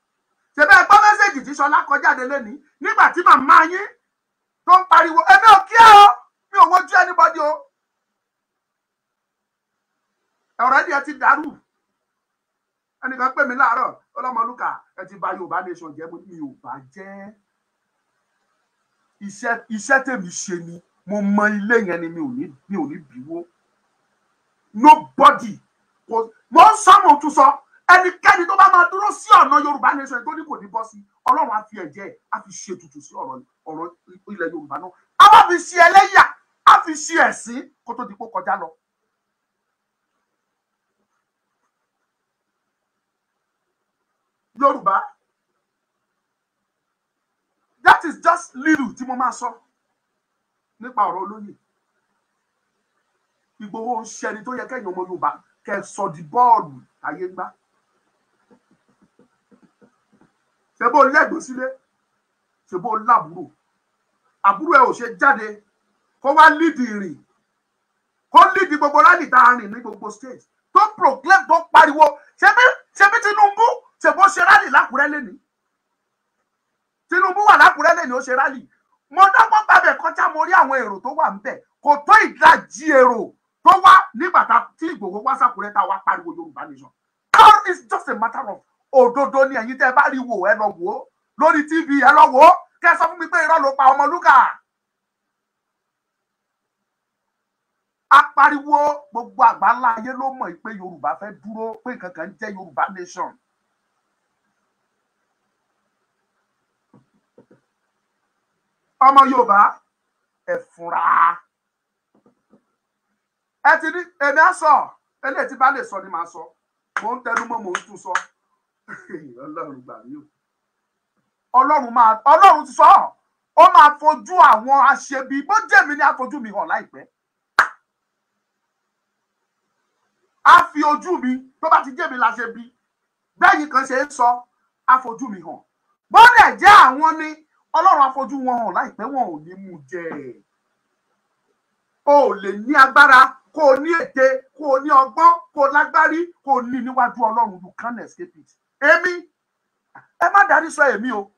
ṣèbẹ́ ẹ gbọ́ mẹ́sẹ̀gì tí Ṣọlá kọjáde lẹ́ni nígbà tí màmá yín tó ń pariwo ẹ̀mí ò kí ẹ o mi ò wojú anybody o ọ̀rọ̀ ẹ̀dí ẹ ti dàrú ẹnìkan pè mí láàárọ̀ ọlọ́mọlúkà ẹ ti bà Yorùbá nation jẹ́ mi ò bà jẹ́ iṣẹ́ iṣẹ́ tèmi ṣe ni mo mọ ilé yẹn ni mi ò ní mi ò ní bíwó nobody kò mọ sọmọ tún sọ ẹnikẹ́ni tó bá máa dúró sí ọ̀nà yorùbá nation tó ní kò ní bọ́ sí ọlọ́run á fi ẹ̀jẹ̀ á fi ṣe tutù sí ọ̀rọ̀ ọ̀rọ̀ ilẹ̀ yorùbá náà á má fi ṣe ẹlẹ́yà á fi ṣe ẹ̀sìn kó tó di pé kọjá lọ. yorùbá that is just little tí mo máa sọ nípa ọ̀rọ̀ olóyè Ìgbòho ń ṣẹni tó yẹ kẹ́yìn ọmọ Yorùbá kẹ́ sọ di bọ́ọ̀lù ayé gbá ṣebó lẹ́gbẹ̀ẹ́ sílé ṣebó lábúrò àbúrò ẹ ò ṣe jáde kó wá lídìí rìn kó lídìí gbogbo rálì tá a rìn ní gbogbo state tó proclaim tó pariwo ṣebí ṣebí Tinubu ṣebó ṣe rálì lákùrẹ́ lẹ́nìí Tinubu wà lákùrẹ́ lè ní ó ṣe rálì mo dọ́gbọ́n gbàbẹ̀ kọjá mo rí àwọn èrò tó wà ńbẹ̀ kò tó ìdajì èrò tó wá nígbà tí Ìgbòho wá sákùrẹ́ tá a wá pariwo Yorùbá nation all is just a matter of òdodo ni ẹ̀yin tẹ́ ẹ bá rí wò ẹ lọ wò ó lórí TV ẹ lọ wò ó kẹ́ ẹ sọ fún mi pé irọ́ ló pa Ọmọlúkà apariwo gbogbo àgbáńlá ayé ló mọ̀ pé Yorùbá fẹ́ dúró pé nǹkan kan ń jẹ́ Yorùbá nation ọmọ yorùbá ẹ fura ẹ ti ní èmi á sọ eléyìí tí bá lè sọ ni màá sọ mò ń tẹnu mọ́ mò ń tún sọ ọlọ́run gbà mí o ọlọ́run máa ọlọ́run ti sọ ó máa fojú àwọn aṣebi bó jẹ̀mí ni àfojú mi hàn láìpẹ́ á fi ojú mi tó bá ti jẹ̀mí la ṣe bí bẹ́ẹ̀ yìí kan ṣe ń sọ àfojú mi hàn bó dẹ̀ jẹ́ àwọn ni ọlọ́run afojú wọn hàn láìpẹ́ wọn ò ní mú jẹ o ò lè ní agbára kó o ní ète kó o ní ọgbọ́n kó o lágbárí kó o ní níwájú ọlọ́run you can't escape it èmi ẹ má darí sọ èmi o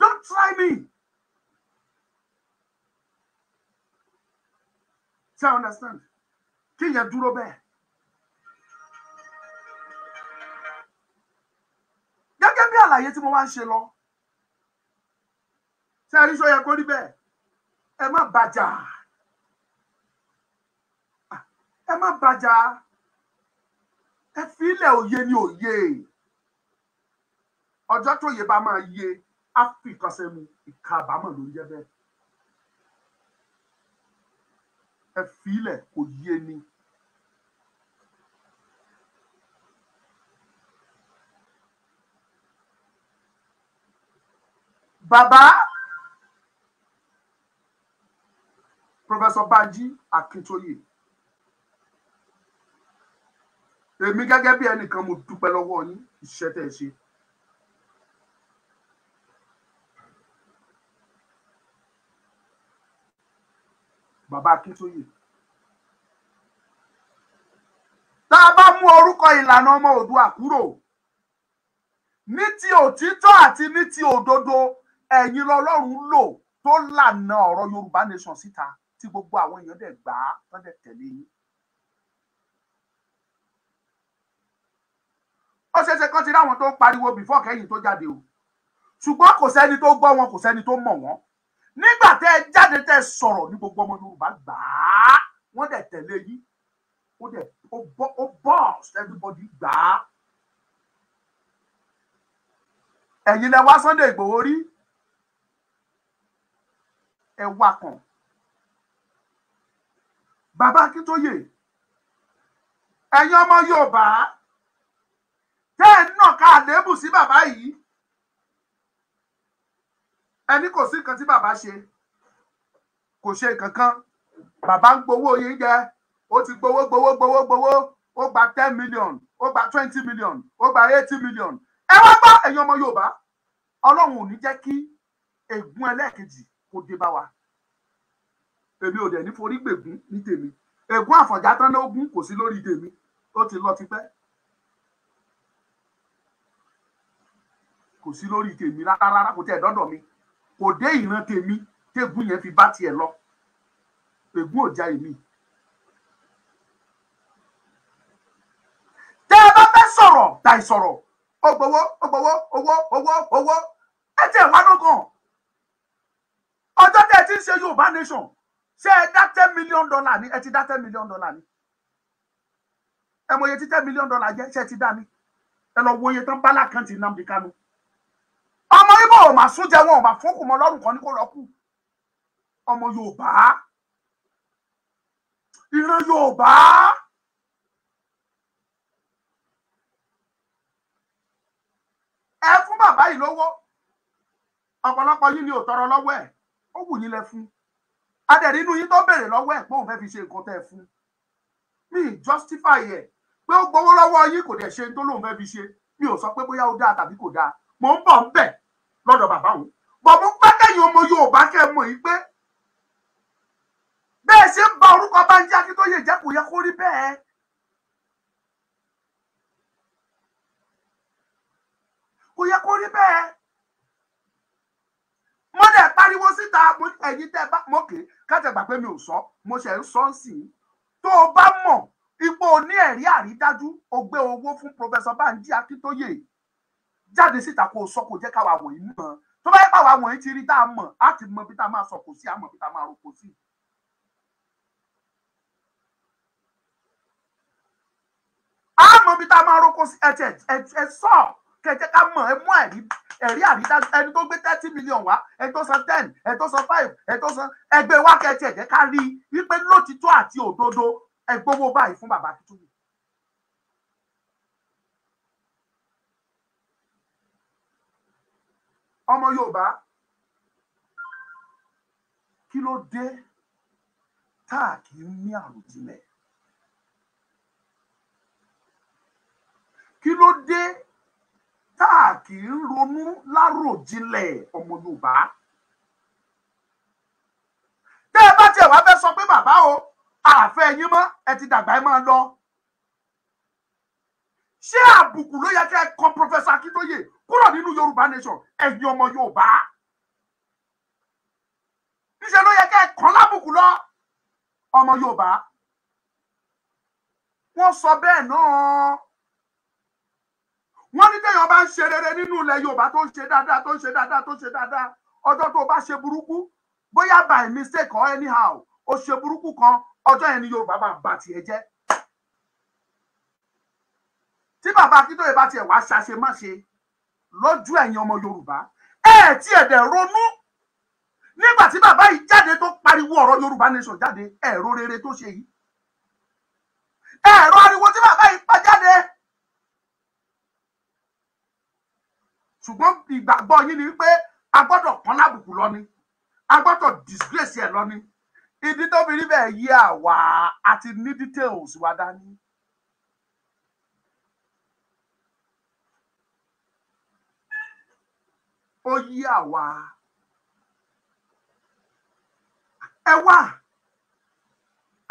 don't try me ṣé i understand kí yẹn dúró bẹ́ẹ̀. gẹ́gẹ́ bí àlàyé tí mo wá ń ṣe lọ ṣé àríṣọ yẹ kó rí bẹ́ẹ̀ ẹ má bàjá ẹ má bàjá ẹ fi ilẹ̀ òye ni òye ọjọ́ tó yẹ bá máa yé á fi ìkọsẹ̀ mu ìka àbámọ̀ ló ń jẹ́ bẹ́ẹ̀ ẹ fi ilẹ̀ òye ni. bàbá Professor Banji Akintoye èmi gẹ́gẹ́ bí ẹnìkan mo dúpẹ́ lọ́wọ́ yín iṣẹ́ tẹ́ ẹ ṣe. Bàbá Akintoye tá a bá mú orúkọ ìlànà ọmọ Oòduà kúrò ní ti òtítọ́ àti ní ti òdodo ẹ̀yin lọ́lọ́run lò tó lànà ọ̀rọ̀ Yorùbá nation síta. Si tí gbogbo àwọn èèyàn dẹ̀ gbà á tán dẹ̀ tẹ̀lé yín. ó ṣeé ṣe kán ti ráwọn tó ń pariwo bìfọ́ kẹ́yìn tó jáde o ṣùgbọ́n kò sẹ́ni tó gbọ́ wọn kò sẹ́ni tó mọ̀ wọ́n nígbà tẹ́ ẹ jáde tẹ́ ẹ sọ̀rọ̀ ní gbogbo ọmọ Yorùbá gbà á wọ́n dẹ̀ tẹ̀lé yín ó dẹ̀ ó bọ́ everybody gbà á. ẹ̀yin lẹ wá Sunday Ìgbòho rí ẹ wá kàn bàbá akíntóyè ẹ̀yin ọmọ yorùbá tẹ́ ẹ̀ náà ká àléébù sí bàbá yìí ẹni kò sí nǹkan tí bàbá ṣe kò ṣe nǹkan bàbá ń gbowó yín ó ti gbowó gbowó gbowó gbowó ó gba ten million ó gba twenty million ó gba eighty million ẹ wá gbọ́ ẹ̀yin ọmọ yorùbá ọlọ́run ò ní jẹ́ kí ègún ẹlẹ́ẹ̀kejì kó dé bá wa èmi ò dẹ̀ ní forí gbègún ní tèmi ègún àfọ̀njá tán ló gún kò sí lórí tèmi ó ti lọ tipẹ́ kò sí lórí tèmi rárá kò tẹ̀ dọ́dọ̀ mi kò dé ìran tèmi tégún yẹn fi bá tiẹ̀ lọ ègún ò já èmi. tẹ́ ẹ bá fẹ́ sọ̀rọ̀ tàì sọ̀rọ̀ ọgbọ̀wọ́ ọgbọ̀wọ́ owó owó owó ẹ tẹ̀ wá lọ́gàn ọjọ́ tẹ̀ ti ń ṣe Yorùbá nation ṣé ẹ dá ten million dollar ni ẹ ti dá ten million dollar ni ẹ mọ iye ti ten million dollar jẹ ṣé ẹ ti dá ni ẹ lọ wo iye tán bá lákàntì Nnamdi Kanu ọmọ Ìgbò ò mà sún jẹ wọn ò mà fún kùmọ lọ́rùn kan ní kó lọ kù ọmọ Yorùbá ìran Yorùbá. ẹ fún bàbá yìí lówó ọ̀pọ̀lọpọ̀ yín ni ò tọrọ lọ́wọ́ ẹ̀ ó wù yín lẹ fún adẹ̀rí inú yín tó béèrè lọ́wọ́ ẹ̀ pé òun fẹ́ fi ṣe nǹkan tẹ́ ẹ fún mi justify ẹ̀ pé ó gbowó lọ́wọ́ yín kò dẹ̀ ṣe tó lóun fẹ́ fi ṣe mi ò sọ pé bóyá ó dáa tàbí kò dáa mò ń bọ̀ ń bẹ̀ lọ́dọ̀ bàbá òun bọ̀mú pẹ́kẹ́yìn ọmọ Yorùbá kẹ́ ẹ mọ̀ yìí pé bẹ́ẹ̀ ṣe ń ba orúkọ Bánjí Akíntóyè jẹ́ yẹ kó rí bẹ́ẹ̀. kò yẹ kó rí bẹ́ẹ̀ mo dẹ̀ pariwo síta ẹ̀yin tẹ́ bá mọ́kè kátẹ́gbà pé mi ò sọ mo ṣe ń sọ ń sìn tó o bá mọ̀ ipò ní ẹ̀rí àrídájú o gbé owó fún pọfẹsọ Bánjí Akíntóyè jáde síta kó o sọ kó jẹ́ káwa wọ̀nyí mọ̀ tó bá yẹ pàwọ́ àwọn yìí ti rí tá a mọ̀ á ti mọ bí tá a máa sọ kò sí àmọ̀ bí tá a máa roko sí. àmọ̀ bí tá a máa roko sí ẹ̀ ẹ̀ sọ kẹ̀kẹ́ ká mọ̀ ẹ mú ẹ̀rí ẹ̀rí àrídájú ẹni tó gbé thirty million wá ẹni tó san ten ẹni tó san five ẹni tó san ẹgbẹ́ wa kẹ́tì ẹ̀jẹ̀ ká rí i wípé lótìtọ́ àti òdodo ẹgbówó báyìí fún bàbá Akíntúndé. ọmọ Yorùbá kí ló dé tá a kì í ní àròjinlẹ̀ kí ló dé tá a kì í ronú láròjinlẹ̀ ọmọ Yorùbá tẹ́ ẹ bá tiẹ̀ wá fẹ́ sọ pé bàbá o àfẹ́ yín mọ́ ẹ ti dàgbà ẹ máa lọ ṣé àbùkù ló yẹ kẹ́ ẹ kọ Professor Akíntóyè kúrò nínú Yorùbá nation ẹ̀yin ọmọ Yorùbá níṣẹ́ ló yẹ kẹ́ ẹ kàn lábùkù lọ ọmọ Yorùbá wọ́n sọ bẹ́ẹ̀ náà wọ́n ní téèyàn bá ń ṣe rere nínú ilẹ̀ yorùbá tó ń ṣe dáadáa tó ń ṣe dáadáa tó ń ṣe dáadáa ọjọ́ tó bá ṣe burúkú bóyá by mistake or anyhow O ṣe burúkú kan ọjọ́ yẹn ni yorùbá bá ba tiẹ̀ jẹ́ tí bàbá akíntóye bá tiẹ̀ wá ṣàṣe má ṣe lójú ẹ̀yin ọmọ yorùbá ẹ̀ tí ẹ̀ dẹ̀ ronú nígbà tí bàbá yìí jáde tó pariwo ọ̀rọ̀ yorùbá nation jáde ẹ̀rọ rere tó ṣe yìí ẹ̀rọ ṣùgbọ́n ìgbàgbọ́ yín ni wípé a gbọ́dọ̀ pọ́n lábùkù lọ ni a gbọ́dọ̀ disgrace ẹ̀ lọ ni ìdí tó fi rí bẹ́ẹ̀ yí àwa àti ní details wa dání. ó yí àwa ẹ wá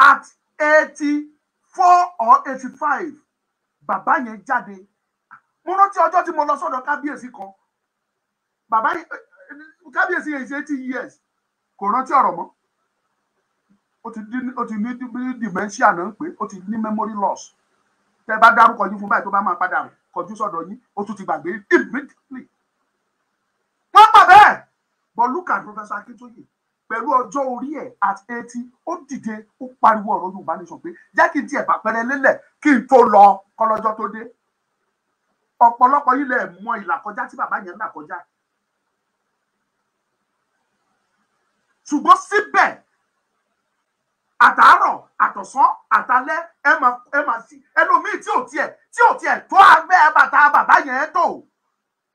at eighty four or eighty five bàbá yẹn jáde mo rántí ọjọ́ tí mo lọ sọ́dọ̀ kábíyèsí kan bàbá kábíyèsí yẹn ṣe eighty years kò rántí ọ̀rọ̀ mọ́ ó ti ní ó dementia náà ń pè ti ní memory loss tẹ bá dárúkọ yín fún báyìí tó bá máa padà kọjú sọ́dọ̀ yín ó tún ti gbàgbé immediately wọ́n mọ̀ bẹ́ẹ̀ but look at professor akintoye pẹ̀lú ọjọ́ orí ẹ̀ at eighty ó dìde ó pariwo ọ̀rọ̀ yorùbá nation pé jẹ́ kí n tiẹ̀ bàpẹ́rẹ́ lélẹ̀ kí n tó lọ kọ́lọ́jọ́ tó dé ọ̀pọ̀lọpọ̀ yìí lè mọ ìlà kọjá tí bàbá yẹn ń là kọjá ṣùgbọ́n síbẹ̀ àtàárọ̀ àtọ̀sán àtalẹ́ ẹ mà ẹ mà sí ẹlòmíì tí ò tiẹ̀ tí ò tiẹ̀ tó abẹ́ bàtà bàbá yẹn tó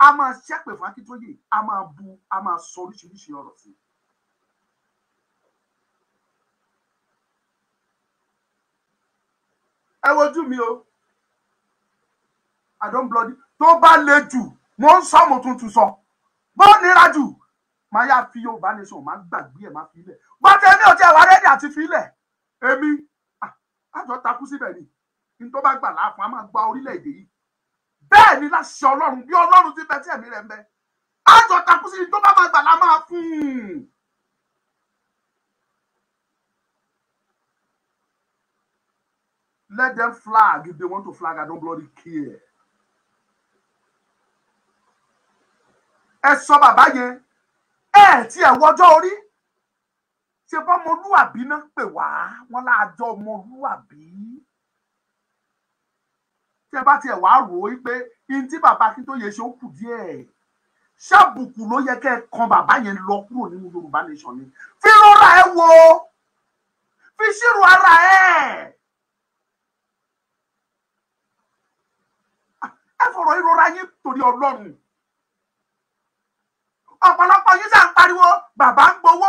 a máa ṣépè fún Akíntóyè a máa bu a máa sọ oríṣiríṣi ọ̀rọ̀ sí i. ẹ wojú mi o. I don't bloody tó bá le jù mo ń sọ mo tún tún sọ bó nira jù máa yá fi Yorùbá nation máa gbàgbé ẹ̀ máa fi ilẹ̀ bọ́tẹ mi ò tiẹ̀ wá rẹ́dí àti fi ilẹ̀ èmi àjọ takú síbẹ̀ ni ní tó bá gbà láàfin a máa gba orílẹ̀-èdè yìí bẹ́ẹ̀ ni láṣẹ Ọlọ́run bí Ọlọ́run ti bẹ tí ẹ̀mí rẹ̀ ń bẹ àjọ takú sí ní tó bá máa gbà la máa fún un. Let them flag if they want to flag I don't bloody care. ẹ sọ bàbá yẹn ẹ tí ẹ wọjọ́ orí ṣe bọ́ ọmọlúwàbí náà pè wá wọn láàjọ ọmọlúwàbí tí ẹ bá tiẹ̀ wá rò ó pé ihun tí bàbá Akíntóyè ṣe ó kù díẹ̀ ṣàbùkù ló yẹ kẹ́ ẹ kan bàbá yẹn lọ kúrò nínú Yorùbá nation ni fi rọra ẹ wo fi ṣírò ara ẹ. ẹ fọ̀rọ̀ ìrora yín torí Ọlọ́run ọ̀pọ̀lọpọ̀ yín sà ń pariwo bàbá ń gbowó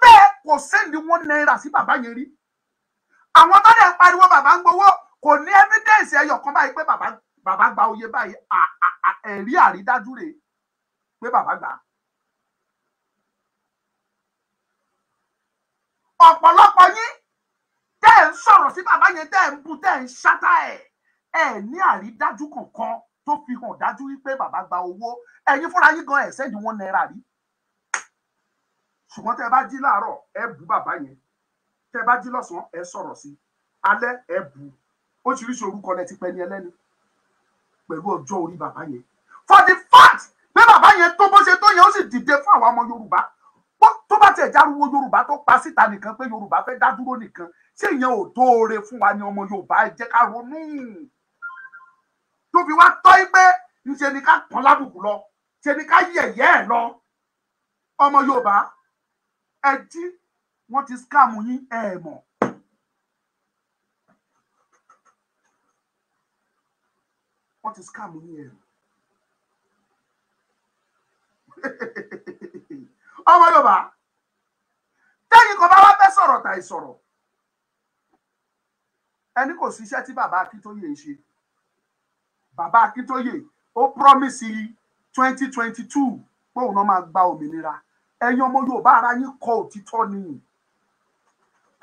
bẹ́ẹ̀ kò sẹ́ni wọn náírà sí bàbá yẹn rí àwọn tó dẹ̀ ń pariwo bàbá ń gbowó kò ní evidence ẹyọ kan báyìí pé bàbá gba oyè báyìí ẹ̀rí àrídájú rèé pé bàbá gbà á. ọ̀pọ̀lọpọ̀ yín tẹ́ ẹ̀ ń sọ̀rọ̀ sí bàbá yẹn tẹ́ ẹ̀ ń bu tẹ́ ẹ̀ ń ṣátá ẹ̀ ẹ̀ ní àrídájú kankan tó fi hàn dájú wípé bàbá gba owó ẹ̀yin fúnra yín gan ẹ̀ sẹ́ẹ̀dì wọn náírà rí ṣùgbọ́n tẹ́ bá jí láàárọ̀ ẹ bú bàbá yẹn tẹ́ bá jí lọ́sàn ẹ sọ̀rọ̀ sí alẹ́ ẹ bú oríṣiríṣi orúkọ lẹ ti pẹ́ ní ẹlẹ́ni pẹ̀lú ọjọ́ orí bàbá yẹn for the fact pé bàbá yẹn tó bó ṣe tó yẹn ó sì dìde fún àwọn ọmọ Yorùbá tó bá tiẹ̀ járuwo Yorùbá tó pa síta nìkan pé Yorùbá fẹ́ dá dúró nìkan ṣé ìyẹn ò tóore fún wa ni ọmọ Yorùbá ẹ jẹ́ ká ronú tó fi wá tọ́ í pé ńṣe ni ká pọ́n lábùkù lọ ṣe ni ká yẹ̀yẹ́ ẹ̀ lọ ọmọ Yorùbá ẹ jí wọ́n ti scam yín ẹ mọ̀. wọ́n ti scam yín ẹ mọ̀. ọmọ Yorùbá tẹ́yìn kan bá wá fẹ́ sọ̀rọ̀ tàì sọ̀rọ̀ ẹni kò síṣẹ́ tí bàbá Akíntóyè ń ṣe bàbá akíntóyè ó promise twenty twenty two póun náà máa gba òmìnira ẹ̀yin ọmọ yorùbá ara yín kọ òtítọ́ ni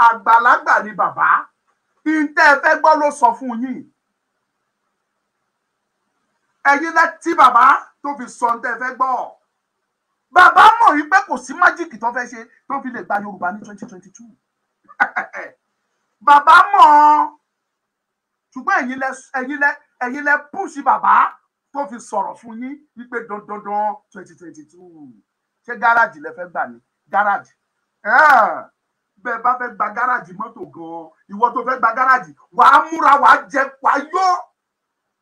àgbàlagbà ni bàbá ìǹtẹ́ ẹ fẹ́ gbọ́ ló sọ fún yín ẹ̀yin láti bàbá tó fi sọ ǹtẹ́ ẹ fẹ́ gbọ́ bàbá mọ̀ yí pé kò sí májíìkì tó fẹ́ ṣe tó fi lè gba yorùbá ní twenty twenty two bàbá mọ̀ ọ́ ṣùgbọ́n ẹ̀yin lẹ ẹ̀yin lẹ ẹ̀yin lẹ púùsì bàbá tó fi sọ̀rọ̀ fún yín wípé dandandan twenty twenty two ṣé gáràjì lẹ fẹ́ gbà ní gáràjì bẹ́ẹ̀ bá fẹ́ gba gáràjì mọ́tò gan-an ìwọ tó fẹ́ gba gáràjì wàá múra wàá jẹ wàá yó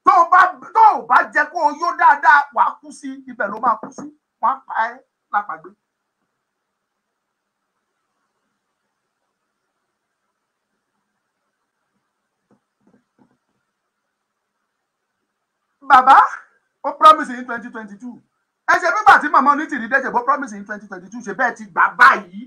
tó o bá tó o bá jẹ kó o yó dáadáa wàá kú sí ibẹ̀ ló máa kú sí wọ́n á pa ẹ́ lápàgbé bàbá ó promise in twenty twenty two ẹ ṣe pípa tí màmá onítìrí dẹ́jẹ̀ bó promise in twenty twenty two ṣe bẹ́ẹ̀ ti gbà báyìí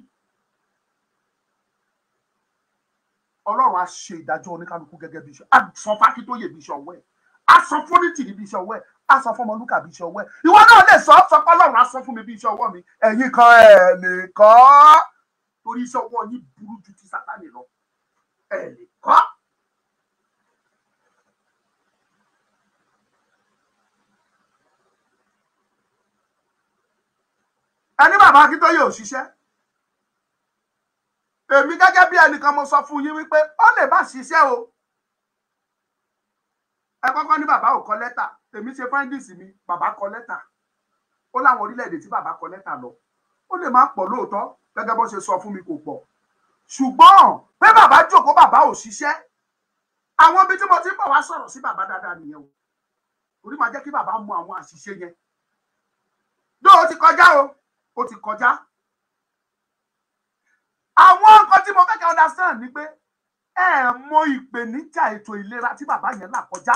ọlọ́run á ṣe ìdájọ́ oníkálukú gẹ́gẹ́ bí iṣẹ́ á sọ fákítóyè bí iṣẹ́ ọwọ́ ẹ̀ á sọ fún onítìrí bí iṣẹ́ ọwọ́ ẹ̀ á sọ fún ọmọlúkà bí iṣẹ́ ọwọ́ ẹ̀ ìwọ náà lè sọ sọ pé ọlọ́run á sọ fún mi bí iṣẹ́ ọwọ́ mi ẹ̀yin kan ẹ̀ lè kọ́ torí iṣẹ́ ọwọ́ yín burú ju ti sátánì lọ ẹ̀ lè ẹni bàbá akíntóyè ò ṣiṣẹ́ èmi gẹ́gẹ́ bí ẹnìkan mo sọ fún yín wípé ó lè bá ṣiṣẹ́ o ẹ kọ́kọ́ ní bàbá ò kọ lẹ́tà èmi ṣe fáńdìsì mi bàbá kọ lẹ́tà ó láwọn orílẹ̀-èdè tí bàbá kọ lẹ́tà lọ ó lè má pọ̀ lóòótọ́ gẹ́gẹ́ bó ṣe sọ fún mi kò pọ̀ ṣùgbọ́n pé bàbá jókòó bàbá ò ṣiṣẹ́ àwọn ibi tí mo ti ń bọ̀ wá sọ̀rọ̀ sí bàbá dáadáa nìyẹn o torí máa jẹ́ kí bàbá mọ àwọn àṣìṣe yẹn lóò ti kọjá o ó ti kọjá àwọn nǹkan tí mo fẹ́ kẹ́ understand ni pé ẹ mọ ìpèníjà ètò ìlera tí bàbá yẹn là kọjá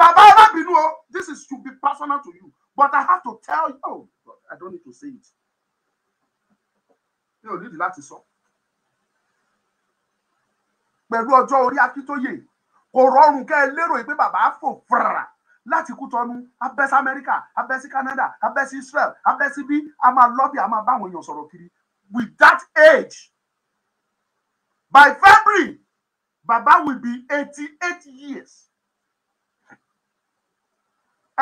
bàbá arábìnú o this is to be personal to you but I have to tell you oh, I don't need to say it mi ò nídìí láti sọ pẹ̀lú ọjọ́ orí akíntóye kò rọrùn kẹ́ ẹ lérò pé bàbá fò fúrà láti Kútọ́nù abẹ́ sí Amẹ́ríkà abẹ́ sí Canada abẹ́ sí Israel abẹ́ sí bí a máa lọ́bì a máa bá àwọn èèyàn sọ̀rọ̀ kiri with that age by February Baba will be eighty-eight years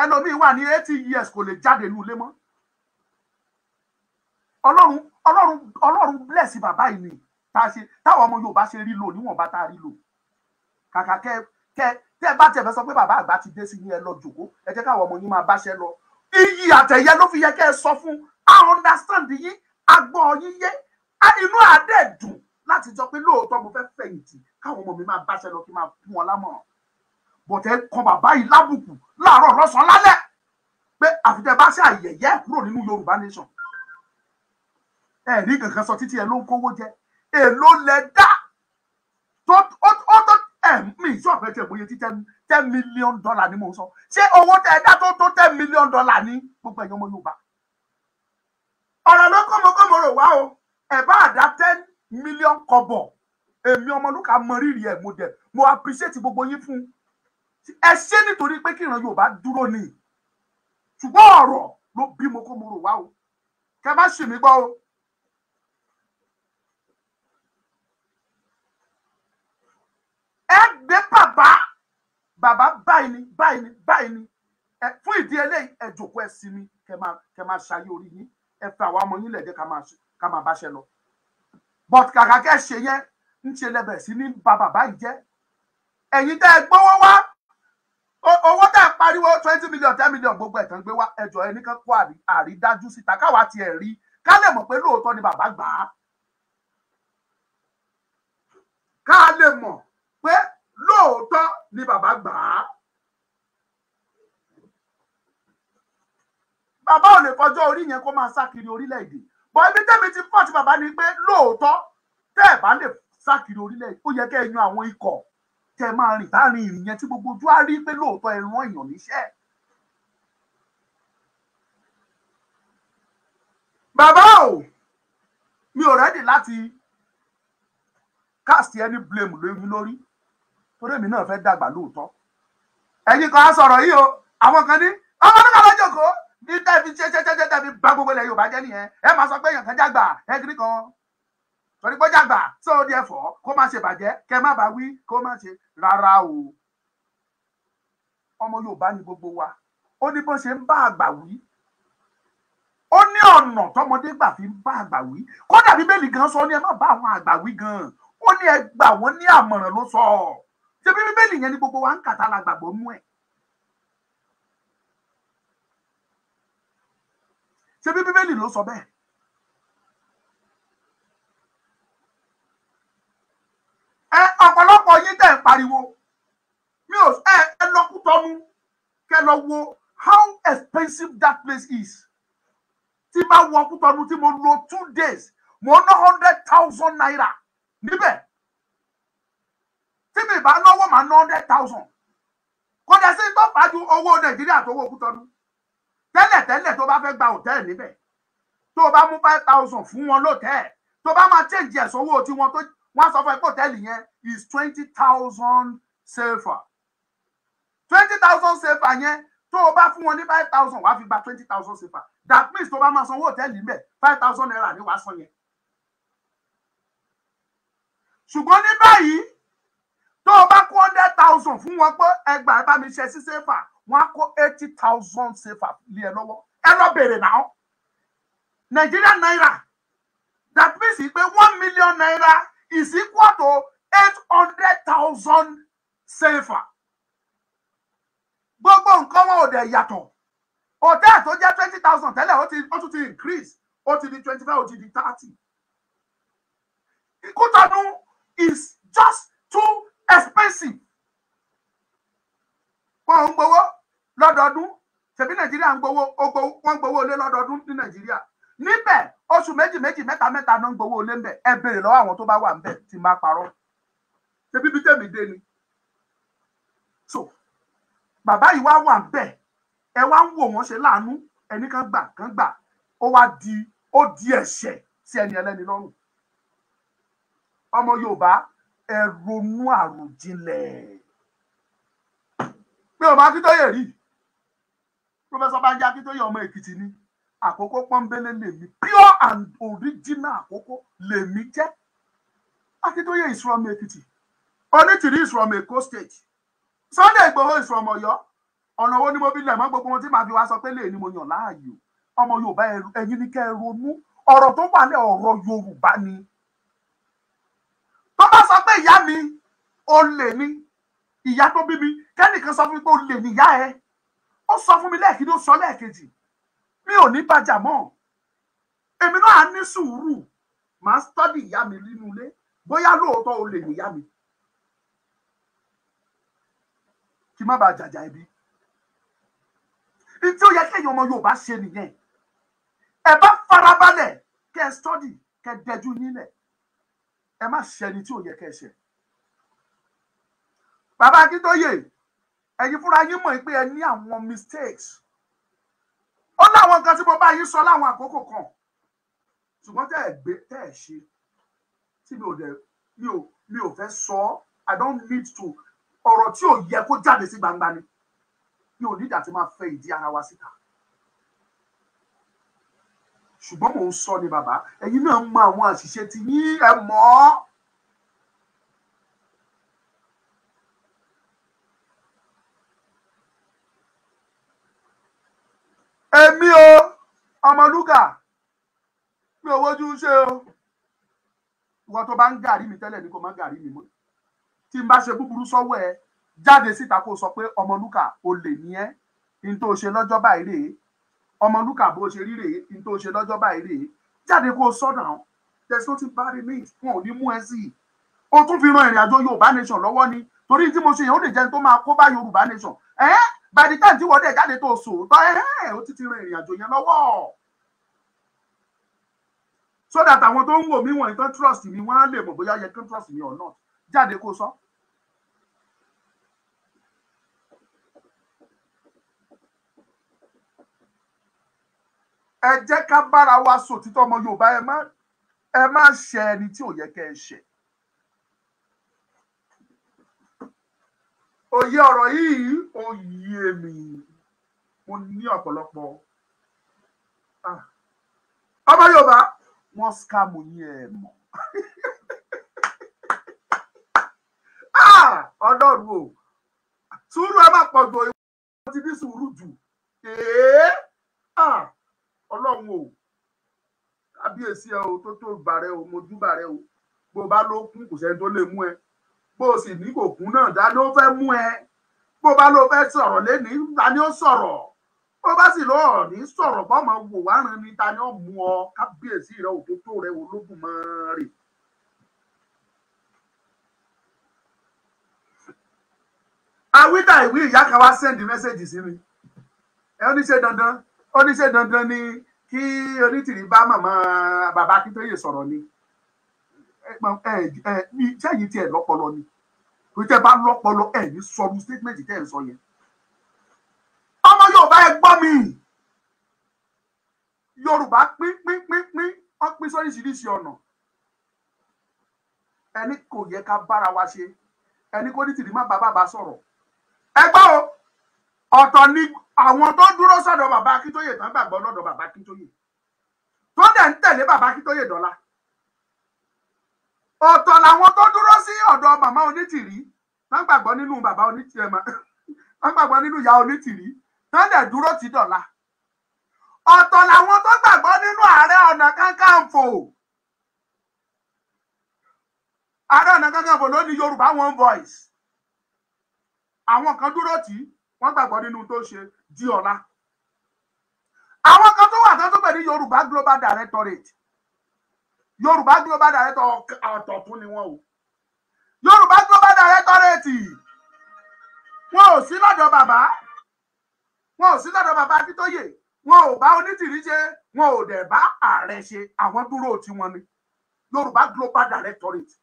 ẹlòmíín wà ní eighty years kò lè jáde ní ilé mọ́ Ọlọ́run Ọlọ́run Ọlọ́run bless bàbá yìí ni táwọn ọmọ Yorùbá ṣe rí lò níwọ̀nba tá a rí lò kàkà kẹ kẹ tí ẹ bá tiẹ̀ fẹ́ sọ pé bàbá àgbà ti dé sí ní ẹ lọ jòkó ẹ jẹ́ káwọn ọmọ yín máa báṣẹ́ lọ iyì àtẹ̀yẹ ló fi yẹ kẹ́ ẹ sọ fún a understand yín a gbọ́ yín yé inú àdẹ̀ dùn láti jọ pé lóòótọ́ mo fẹ́ fẹ̀yìntì káwọn ọmọ mi máa báṣẹ́ lọ kí n máa fún wọn lámọ̀ràn bọ̀tẹ́ kan bàbá yìí lábùkù láàárọ̀ lọ́sàn-án lálẹ́ pé àfitẹ́ bá ṣe àyẹ̀yẹ́ kúrò nínú Yorùbá nation ẹ̀rí kankan sọ títí ẹ ló ń kówó jẹ èló lẹ dá tó ẹ mi ìṣọ̀fẹ́ tiẹ̀ bóyá ti ten million dollar ni mo sọ ṣé owó tẹ ẹ̀dá tó tó ten million dollar ni. gbogbo ẹ̀yọ́ ọmọ Yorùbá ọ̀rọ̀ ló kọ́mọkọ́mọ rò wá o ẹ̀ bá àdá ten million kọ́bọ̀ èmi Ọmọlúkà mọ rírì ẹ̀ mo dẹ̀ mo appreciate gbogbo yín fún ẹ ṣé nítorí pé kí ìran Yorùbá dúró ni ṣùgbọ́n ọ̀rọ̀ ló bí mo kó mo rò wá o kẹ má ṣì mí gbọ́ o ẹ gbé bàbá bàbá báyìí ni báyìí ni báyìí ni fún ìdí eléyìí ẹ jòkó ẹ sinmi kẹ máa kẹ máa ṣayé orí yín ẹ fẹ́ àwọn ọmọ yín lẹjẹ ká máa ká máa báṣẹ lọ but kàkà kẹ ṣe yẹn ń ṣe lẹbẹ sí ní ba bàbá yìí jẹ́ ẹ̀yin tẹ́ ẹ gbówó wá owó tẹ́ ẹ pariwo twenty million ten million gbogbo ẹ̀ tán gbé wá ẹjọ́ ẹni kan kó àrídájú síta káwa tiẹ̀ rí ká lè mọ̀ pé lóòótọ́ ni bàbá gbà á ká lè mọ̀ pé lóòótọ́ ni bàbá gbà á. bàbá ò lè kọjọ́ orí yẹn kó máa sá kiri orílẹ̀-èdè bọ́ ibi tẹ́mi ti pọ̀ tí bàbá ní pé lóòótọ́ tẹ́ ẹ̀ bá lè sá kiri orílẹ̀-èdè ó yẹ kẹ́ ẹ yan àwọn ikọ̀ tẹ́ ẹ máa rìn láàrin ìrìn yẹn tí gbogbo ojú á rí pé lóòótọ́ ẹ rán èèyàn níṣẹ́. bàbá ò mi ò rẹ́dì láti cast any blame lórí torí èmi náà fẹ́ dàgbà lóòótọ́ ẹ̀yin kan á sọ̀rọ̀ yìí o àwọn kan ní ọmọ náà kàlá jòkó ní tẹ́ẹ̀fì ṣẹ́ṣẹ́ṣẹ́ tẹ́ẹ̀fì gba gbogbo ilẹ̀ Yorùbá jẹ́ nìyẹn ẹ máa sọ pé èèyàn kan jágbà ẹ kan torí pé jágbà sọ ó di kó má ṣe bàjẹ́ kẹ má bá wí kó má ṣe rárá o ọmọ Yorùbá ni gbogbo wa ó ní bó ṣe ń bá àgbà wí ó ní ọ̀nà tọmọdé gbà fi ń bá àgbà wí kódà Bíbélì gan sọ ní ẹ má bá àwọn àgbà wí gan ó ní ẹ gbà wọ́n ní àmọ̀ràn ló sọ ọ́ ṣé bí bíbélì yẹn ni gbogbo wa ń kàtà la mú ẹ̀ ṣé bí bíbélì ló sọ bẹ́ẹ̀ ẹ ọ̀pọ̀lọpọ̀ yín tẹ̀ ń pariwo mi ò ẹ ẹ lọ kú tọ́nu kẹ lọ wo how expensive that place is tí bá wọ kú tọ́nu tí mo lò two days mo ná hundred thousand naira níbẹ̀ tí mi bá náwó màá ná hundred thousand kò dẹ̀ sí tó fàájú owó nàìjíríà tó owó kútọ́nù tẹ́lẹ̀tẹ́lẹ̀ tó bá fẹ́ gba hòtẹ́ẹ̀lì níbẹ̀ tó bá mú five thousand fún wọn lótẹ́ẹ̀ tó bá máa change ẹ̀sán owó tiwọn tó wọ́n sọ fún ẹ pé hòtẹ́ẹ̀lì yẹn is twenty thousand sefa twenty thousand sefa yẹn tó o bá fún wọn ní five thousand wàá fi gba twenty thousand sefa that means tó bá máa sanwó hòtẹ́ẹ̀lì níbẹ̀ five thousand naira ni wàá san yẹn ṣùgbọ́n ní báyìí tó o bá kó hundred thousand fún wọn pé ẹgbàá ẹ bá mi ṣe sí sẹ́fà wọn á kó eighty thousand sẹ́fà lé ẹ lọ́wọ́ ẹ lọ bèrè náà nàìjíríà náírà that means pé one million naira is equal to eight hundred thousand sẹ́fà gbogbo nǹkan wọn ò dẹ̀ yàtọ̀ hòtẹ́ẹ̀ tó jẹ́ twenty thousand tẹ́lẹ̀ ó tún ti increase ó ti di twenty five ó ti di thirty. Kútọ́nù is just too expensive wọn ò ń gbowó lọ́dọọdún ṣebí nàìjíríà ń gbowó wọn ń gbowó olé lọ́dọọdún ní nàìjíríà níbẹ̀ oṣù méjì méjì mẹ́ta mẹ́ta náà ń gbowó olé ńbẹ̀ ẹ béèrè lọ́wọ́ àwọn tó bá wà ńbẹ̀ tí máa parọ́ ṣebí bí tèmi dé ni so bàbá yìí wá wà ńbẹ̀ ẹ wá ń wò wọ́n ṣe láàánú ẹnì kan gbà kan gbà ó wá di ó di ẹ̀ṣẹ̀ sí ẹni ẹlẹ́ni lọ́rùn ọmọ yorùbá ẹ ronú àròjinlẹ̀ pé ọmọ akíntóyè rí Professor banji akíntóyè ọmọ èkìtì ni àkókò pọ́nbélé lèmi pure and original àkókò lèmi jẹ́ akíntóyè is from èkìtì onítìrí is from èkó state sunday igbòho is from ọ̀yọ́ ọ̀nà wo ni mo fi lẹ̀ mọ́ gbogbo ohun tí màá fi wá sọ pé lè ní mo yàn láàyò ọmọ yorùbá ẹ̀yin ni kẹ́ ẹ ronú ọ̀rọ̀ tó wà lẹ́ ọ̀rọ̀ yorùbá ni kó bá sọ pé ìyá mi olè ni ìyá tó bí mi kẹ́nìkan sọ fún mi pé olè ni ìyá ẹ ó sọ fún mi lẹ́ẹ̀kejì ó sọ lẹ́ẹ̀kejì mi ò ní bàjà mọ́ èmi náà á ní sùúrù màá stọ́dì ìyá mi nínú ilé bóyá lóòótọ́ olè ni ìyá mi kí má bàa jàjà ẹbí ntí ó yẹ kéèyàn ọmọ Yorùbá ṣe nìyẹn ẹ bá farabalẹ̀ kẹ́ ẹ stọ́dì kẹ́ ẹ dẹjú nílẹ̀ ẹ má ṣẹni tí ò yẹ kẹ́ ṣẹ bàbá akíntóyè ẹ̀yin fúnra yín mọ̀ pé ẹ ní àwọn mistakes ó láwọn nǹkan tí mo bá yín sọ láwọn àkókò kan ṣùgbọ́n tẹ́ ẹ gbé tẹ́ ẹ ṣe tí mi ò dẹ̀ mi ò mi ò fẹ́ sọ i don't need to ọ̀rọ̀ tí ò yẹ kó jáde sí gbangba ni mi ò ní ìdá tí máa fẹ́ ìdí ara wa síta ṣùgbọ́n mò ń sọ ni bàbá ẹ̀yin náà mọ àwọn àṣìṣe tí yín ẹ mọ̀ ọ́. èmi o ọmọlúkà mi ò wojú ṣe o ìwọ tó bá ń gàrí mi tẹ́lẹ̀ ni kò má gàrí mi mọ́ tí n bá ṣe búburú sọ́wọ́ ẹ jáde síta kó sọ pé ọmọlúkà o lè ẹ́ kí n tó ṣe lọ́jọ́ báyìí rèé Ọmọlúkà bó ṣe rí rèé ní tó ṣe lọ́jọ́ báyìí rèé jáde kó sọ́nà there's nothing bad in it wọn ò ní mú ẹ sí i o tún fi ran ìrìn àjò Yorùbá nation lọ́wọ́ ni torí tí mo ṣe yẹn ó lè jẹ́ tó máa kó bá Yorùbá nation ẹ́ by the time tí wọ́n dẹ̀ jáde tó sòótọ́ ẹ́ ó ti ti ran ìrìn àjò yẹn lọ́wọ́ so that àwọn tó ń wò mí wọ̀nyí tán trust mi wọ́n á lè mọ̀ bóyá yẹ kán trust mi or not jáde kó sọ. So. ẹ jẹ́ ká bára wa sọ òtítọ́ ọmọ Yorùbá ẹ má ẹ má ṣe ẹni tí ò yẹ kẹ́ ẹ ṣe. òye ọ̀rọ̀ yìí ó mi mo ní ọ̀pọ̀lọpọ̀ ah. ọmọ Yorùbá wọ́n scam yín ẹ̀ mọ̀ ah! ọlọ́run o sùúrù ẹ má pọ̀ jù ìwọ́n ti ní sùúrù jù èé ọlọ́run o kábíyèsí ẹ o tó tó bàrẹ o mo dún bàrẹ o bó o bá ló kún kò sẹ́ni tó lè mú ẹ bó o sì ní kò kún náà dá ló fẹ́ mú ẹ bó o bá ló fẹ́ sọ̀rọ̀ lẹ́ni ta ni ó sọ̀rọ̀ bó o bá sì lọ ní sọ̀rọ̀ bọ́mọ wò wá rìn ni ta ni ó mú ọ kábíyèsí rẹ òtótó rẹ Olódùmarè. awíta ìwé ìyá kan wá sẹ́ndì mẹ́sẹ̀gì sí mi ẹ ó dandan ó dandan ni kí onítìrí bá màmá bàbá akíntóye sọ̀rọ̀ ni sẹ́yìn tiẹ̀ lọ́pọlọ ni kò tẹ́ bá lọ́pọlọ ẹ̀ ní sọ̀rọ̀ statement tẹ́ ẹ̀ sọ yẹn ọmọ yorùbá ẹ gbọ́ mi yorùbá pín pín pín pín ọ pín sóríṣiríṣi ọ̀nà ẹni kò yẹ ká bára wa ṣe ẹni kò ní tìrí má bàbá bá sọ̀rọ̀ ẹ gbọ́ o ọ̀tọ̀ ni àwọn tó dúró sọ́dọ̀ bàbá akíntóyè tán gbàgbọ́ lọ́dọ̀ bàbá akíntóyè tó dẹ̀ ń tẹ̀lé bàbá akíntóyè dọ́là ọ̀tọ̀ làwọn tó dúró sí ọ̀dọ̀ màmá onítìrí tán gbàgbọ́ nínú bàbá onítìrí tán gbàgbọ́ nínú ìyá onítìrí tán dẹ̀ dúró ti dọ́là ọ̀tọ̀ làwọn tó gbàgbọ́ nínú ààrẹ ọ̀nà kakanfò ààrẹ ọ̀nà kakanfò ló ní yorùbá one voice àwọn kan dúró tì í wọ́n gbàgbọ́ nínú tó ṣe di ọ̀la. àwọn kan tó wà tó tó pè ní Yorùbá Global Directorate Yorùbá Global Directorate ọ̀tọ̀ tún ni wọ́n o Yorùbá Global Directorate wọn ò sí lọ́dọ̀ bàbá wọn ò sí lọ́dọ̀ bàbá Akíntóyè wọn ò bá Onítìrí ṣe wọn ò dẹ̀ bá ààrẹ ṣe àwọn dúró tiwọn ni Yorùbá Global Directorate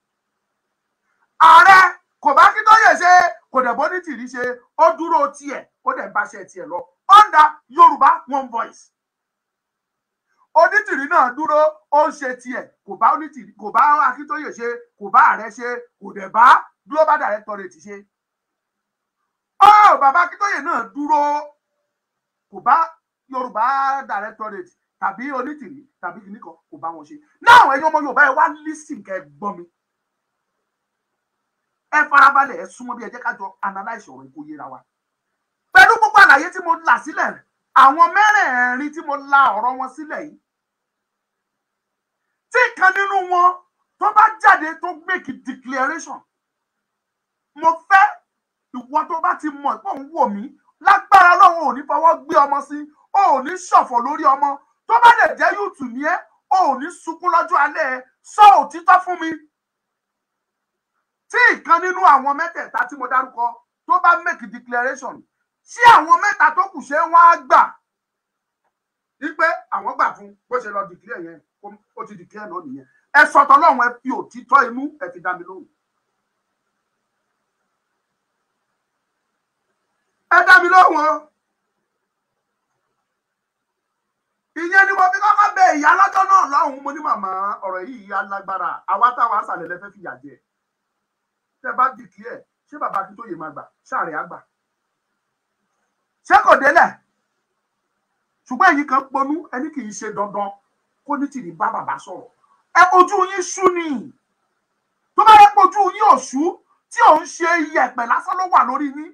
ààrẹ kò bá Akíntóyè ṣe kò dẹ̀ bọ́ ní tìrí ṣe ó dúró tiẹ̀ ó dẹ̀ ń báṣẹ́ tiẹ̀ lọ under Yorùbá one voice onítìrí náà dúró ó ń ṣe tiẹ̀ kò bá onítìrí kò bá Akíntóyè ṣe kò bá ààrẹ ṣe kò dẹ̀ bá global directorate ṣe ó bàbá Akíntóyè náà dúró kò bá Yorùbá directorate tàbí onítìrí tàbí kìnnìkan kò bá wọn ṣe náà ẹ̀yin ọmọ Yorùbá ẹ wá lísìn kẹ́ gbọ́ mi ẹ farabalẹ̀ ẹ súnmọ́ bí ẹ jẹ́ analyse ọ̀rọ̀ ikú yéra wa pẹ̀lú gbogbo àlàyé tí mo là sílẹ̀ àwọn mẹ́rẹ̀ẹ̀rin tí mo la ọ̀rọ̀ wọn sílẹ̀ yìí tí kan nínú wọn tó bá jáde tó make declaration mo fẹ́ ìwọ tó bá ti mọ̀ pé òun wò mí lágbára lọ́wọ́ ò ní fọwọ́ gbé ọmọ sí ò ní ṣọ̀fọ̀ lórí ọmọ tó bá lè jẹ́ yùtù ní ẹ́ ò ní sunkún lọ́jọ́ alẹ́ sọ òtítọ́ fún mi tí ìkan nínú àwọn mẹ́tẹ̀ẹ̀ta tí mo dárúkọ tó bá make declaration sí àwọn mẹ́ta tó kù ṣé wọ́n á gbà wípé àwọn gbà fún bó ṣe lọ declare yẹn ó ti declare náà nìyẹn ẹ sọtọ lọ́wọ́n ẹ fi òtítọ́ inú ẹ fi dá mi lóhùn. ẹ dá mi lóhùn o ìyẹn ni mo fi kọ́kọ́ bẹ ìyá lọ́jọ́ náà lọ́hùn mo ní màmá ọ̀rọ̀ yìí alágbára àwa táwa sàlẹ̀ lẹ́fẹ́ fìyà jẹ tẹ bá dìkì ẹ ṣé bàbá akíntóye máa gbà sáré àgbà ṣé kò délẹ̀ ṣùgbọ́n ẹ̀yin kan ponú ẹni kì í ṣe dandan kó ní tìrì bá bàbá sọ̀rọ̀ ẹ ojú yín sú ni tó bá yẹ ojú yín ò sú tí ò ń ṣe iyẹ̀pẹ̀ lásán ló wà lórí yín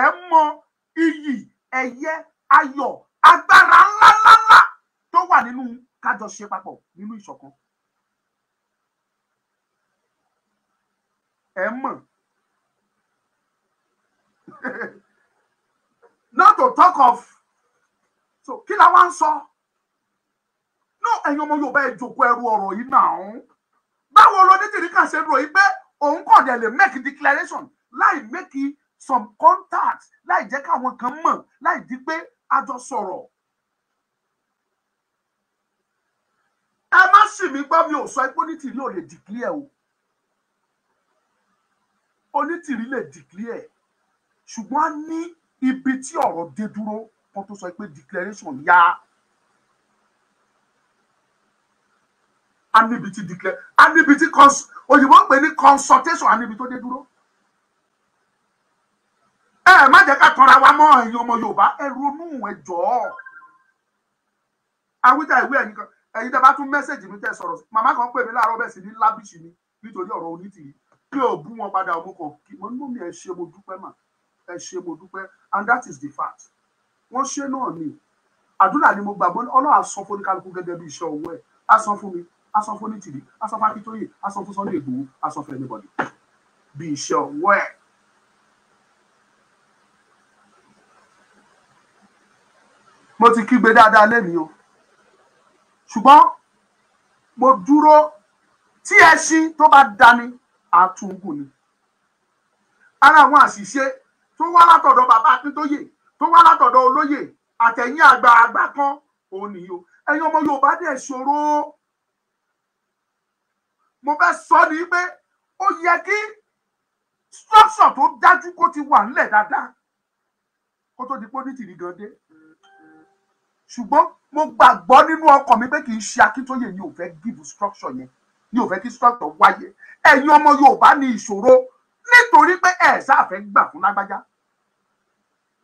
ẹ mọ iyì ẹ̀yẹ ayọ̀ agbára ńláńláńlá tó wà nínú kájọ ṣe papọ̀ nínú ìṣọ̀kan ẹ mọ̀ not to talk of so kí la wá ń sọ no ẹ̀yin ọmọ Yorùbá ẹ jòkó ẹrú ọ̀rọ̀ yìí náà báwo lo ní tìrí kan ṣe rò yìí pé òun kò dẹ̀ lè make declaration láì make some contact láì jẹ́ káwọn kan mọ̀ láì di pé a jọ sọ̀rọ̀. ẹ má sì mí gbọ́ mi ò sọ ipò ní tìrí ò lè declare o onítìrí lè declare ṣùgbọ́n a ní ibi tí ọ̀rọ̀ dé dúró kan tó sọ pé declaration yá a níbi tí declare a níbi tí òyìnbó ń pè ní consultation a níbi tó dé dúró ẹ má jẹ́ ká tọra wa mọ́ ẹ̀yin ọmọ Yorùbá ẹ ronú ẹ jọ̀ọ́ awíta ìwé ẹ̀yin kan ẹ̀yin tẹ́ bá tún mẹ́sẹ̀gì mi tẹ́ sọ̀rọ̀ màmá kan pè mí láàárọ̀ bẹ́ẹ̀ sì ní lábìsì mi nítorí ọ̀rọ̀ onítìrí mi ò bú wọn padà mo kàn kí mo ní mò ń ẹ ṣe mo dúpẹ́ mà ẹ ṣe mo dúpẹ́ and that is the fact wọ́n ṣe náà ni àdúrà ni mo gbàgbọ́ ọlọ́run àsan fún oníkálukú gẹ́gẹ́ bí iṣẹ́ owó ẹ̀ àsan fún mi àsan fún nítìrí àsan fún akíntóyè àsan fún Sunday Igboho àsan fún anybody bí iṣẹ́ owó ẹ̀. mo ti kígbe dáadáa lẹ́nìí o ṣùgbọ́n mo dúró tí ẹṣin tó bá dání àtúngù ni ara àwọn àṣìṣe tó wá látọ̀dọ̀ bàbá akíntóyè tó wá látọ̀dọ̀ olóyè àtẹ̀yìn àgbààgbà kan òun nìyí o ẹ̀yin ọmọ yorùbá dẹ̀ ṣòro mo fẹ́ sọ ni pé ó yẹ kí structure tó dájú kó ti wà ńlẹ̀ dáadáa kó tó di pọ́nìtìrì gan dé ṣùgbọ́n mo gbàgbọ́ nínú ọkàn mi pé kì í ṣe akíntóyè yìí ò fẹ́ give structure yẹn ni ò fẹ́ kí structure wáyé ẹ̀yin ọmọ Yorùbá ní ìṣòro nítorí pé ẹ̀ sáfẹ́ gbà fún lágbájá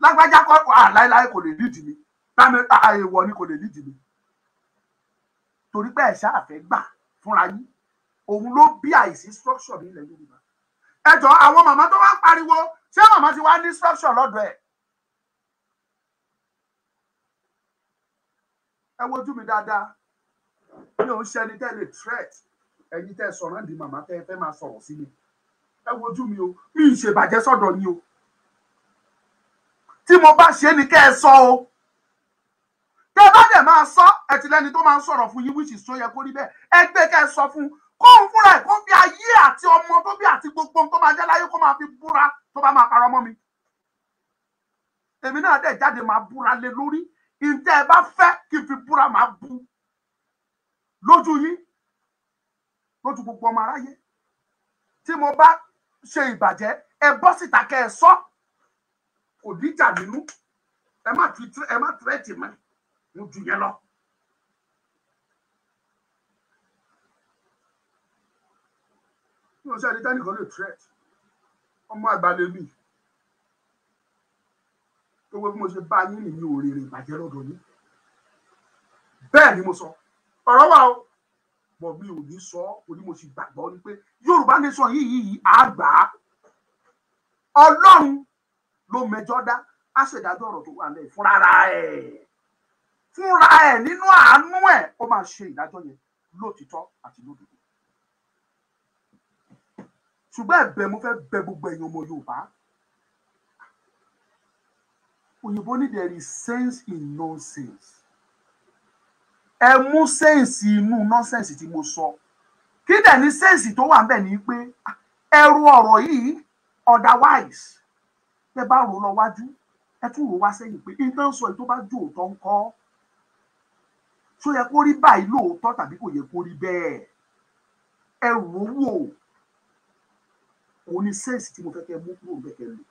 lágbájá kọ́ àláìláì kò lè lídìí mi bámi àìwọ ni kò lè lídìí mi torí pé ẹ̀ sáfẹ́ gbà fúnra yín òun ló bí àìsí structure ní ilẹ̀ Yorùbá ẹ jọ àwọn màmá tó wá ń pariwo ṣé màmá ti wá ní structure lọ́dọ̀ ẹ̀ ẹ wojú mi dáadáa mi ò ń ṣẹni tẹ́lẹ̀ threat ẹ̀yin tẹ́ sọ̀rọ̀ náà di màmá tẹ́ fẹ́ máa sọ̀rọ̀ sí mi ẹ wojú mi o mi ì ṣèbàjẹ́ sọ́dọ̀ ni o tí mo bá ṣe é ni kẹ́ ẹ sọ o tẹ́ bá dẹ̀ máa sọ ẹ ti lẹ́ni tó máa ń sọ̀rọ̀ fún yín wíṣì tó yẹ kó rí bẹ́ẹ̀ ẹ gbé kẹ́ ẹ sọ fún kóun fúnra ẹ̀ kó fi ayé àti ọmọ tó bí àti gbogbo ohun tó máa jẹ́ láyé kó máa fi búra tó bá máa parọ́ mọ́ mi èmi náà dẹ̀ jáde máa búra lé lórí ǹjẹ́ ẹ bá fẹ́ kí n fi búra máa bú lójú yín ló tu gbogbo ọmọ aráyé tí mo bá ṣe ìbàjẹ́ ẹ bọ́ síta kẹ́ ẹ sọ kò díjà nínú ẹ má tu ẹ má tẹrẹtì mọ́ mo jù yẹn lọ. mi ò sọ ẹni tẹ́nìkan lè tẹrẹtì ọmọ àgbàlẹ̀ mi gbogbo bí mo ṣe bá yín nìyí òrèrè ìbàjẹ́ lọ́dọ̀ yín bẹ́ẹ̀ ni mo sọ ọ̀rọ̀ wà o pọ̀ mi ò ní sọ torí mo sì gbàgbọ́ ni pé yorùbá nation yìí yìí àgbà ọlọ́run ló mẹjọ dá á ṣèdájọ́ ọ̀rọ̀ tó wà lẹ̀ fúnra ẹ̀ fúnra ẹ̀ nínú àánú ẹ̀ ó máa ṣe ìdájọ́ yẹn lótìtọ́ àti lódodo ṣùgbọ́n ẹ̀bẹ̀ mo fẹ́ bẹ gbogbo ẹ̀yin ọmọ yorùbá òyìnbó ní there is sense in nonsense ẹ mú sẹ́ǹsì inú nọ́sẹ̀nsì tí mo sọ kí dẹ̀ ní sẹ́ǹsì tó wà níbẹ̀ ni pé ẹrù ọ̀rọ̀ yìí otherwise tẹ bá rò lọ wájú ẹ tún rò wá sẹ́yìn pé iná sọ èyí tó bá ju òótọ́ ń kọ́ ṣó yẹ kó rí báyìí lóòótọ́ tàbí kò yẹ kó rí bẹ́ẹ̀ ẹ rò ó wò òun ni sẹ́ǹsì tí mo fẹ́ mú kúrò bẹ́ẹ̀ lò.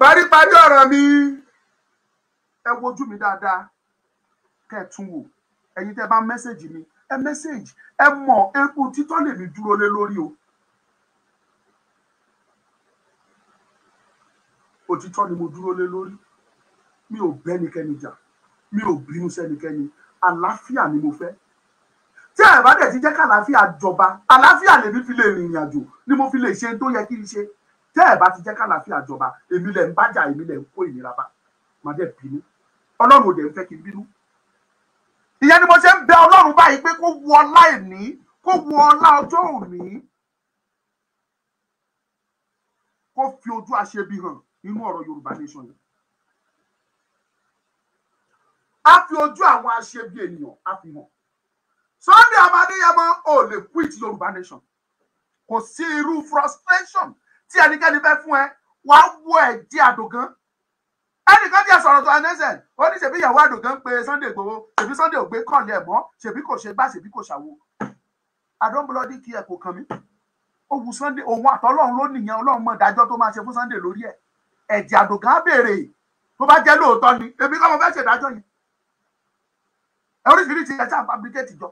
paríparí ọ̀rọ̀ mi ẹ wojú mi dáadáa kẹtùn wò ẹ̀yin tẹ́ bá mẹ́sẹ̀gì mi ẹ mẹ́sẹ̀gì ẹ mọ̀ epo títọ́ lèmi dúró lé lórí o òtítọ́ ni mo dúró lé lórí mi ò bẹ́nikẹ́ni jà mi ò bínú sẹ́nikẹ́ni àlàáfíà ni mo fẹ́ tí ẹ bá dẹ̀ ti jẹ́ kàlàáfíà jọba àlàáfíà lèmi fi lè rìnrìn àjò ni mo fi lè ṣe tó yẹ kí n ṣe tẹ́ ẹ bá ti jẹ́ kàlàáfíà jọba èmi lẹ̀ ń bájà èmi lẹ̀ ń kó ìnira bá màá dẹ̀ bínú ọlọ́run ò dẹ̀ ń fẹ́ kí n bínú ìyẹn ni mo ṣe ń bẹ ọlọ́run báyìí pé kó wu ọlá ìní kó wu ọlá ọjọ́ òní kó fi ojú àṣebi hàn nínú ọ̀rọ̀ yorùbá nation yìí a fi ojú àwọn àṣebi ènìyàn a fi hàn Sunday Adéyẹmọ ò lè quit yorùbá nation kò sí irú frustration tí ẹnikẹ́ni fẹ́ fún ẹ wàá wọ ẹ̀ di àdògán ẹnìkan tí a sọ̀rọ̀ tó anẹ́sẹ̀ ó ní ṣèbí ìyàwó àdògán pé Sunday Igboho ṣèbí Sunday ògbé kànlẹ̀ ẹ̀mọ́ ṣèbí kò ṣe gbá ṣèbí kò ṣàwo àdóńbọlọ́dí kí ẹ kò kàn mí ó Sunday òun àtọ́lọ́run ló nìyẹn ọlọ́run mọ̀ dájọ́ tó máa ṣe fún Sunday lórí ẹ̀ ẹ̀jẹ̀ àdògán béèrè tó bá jẹ́ lóòótọ́ ni èmi kọ́ mo fẹ́ ṣèdájọ́ yẹn oríṣiríṣi ẹ̀ṣá fabricate jọ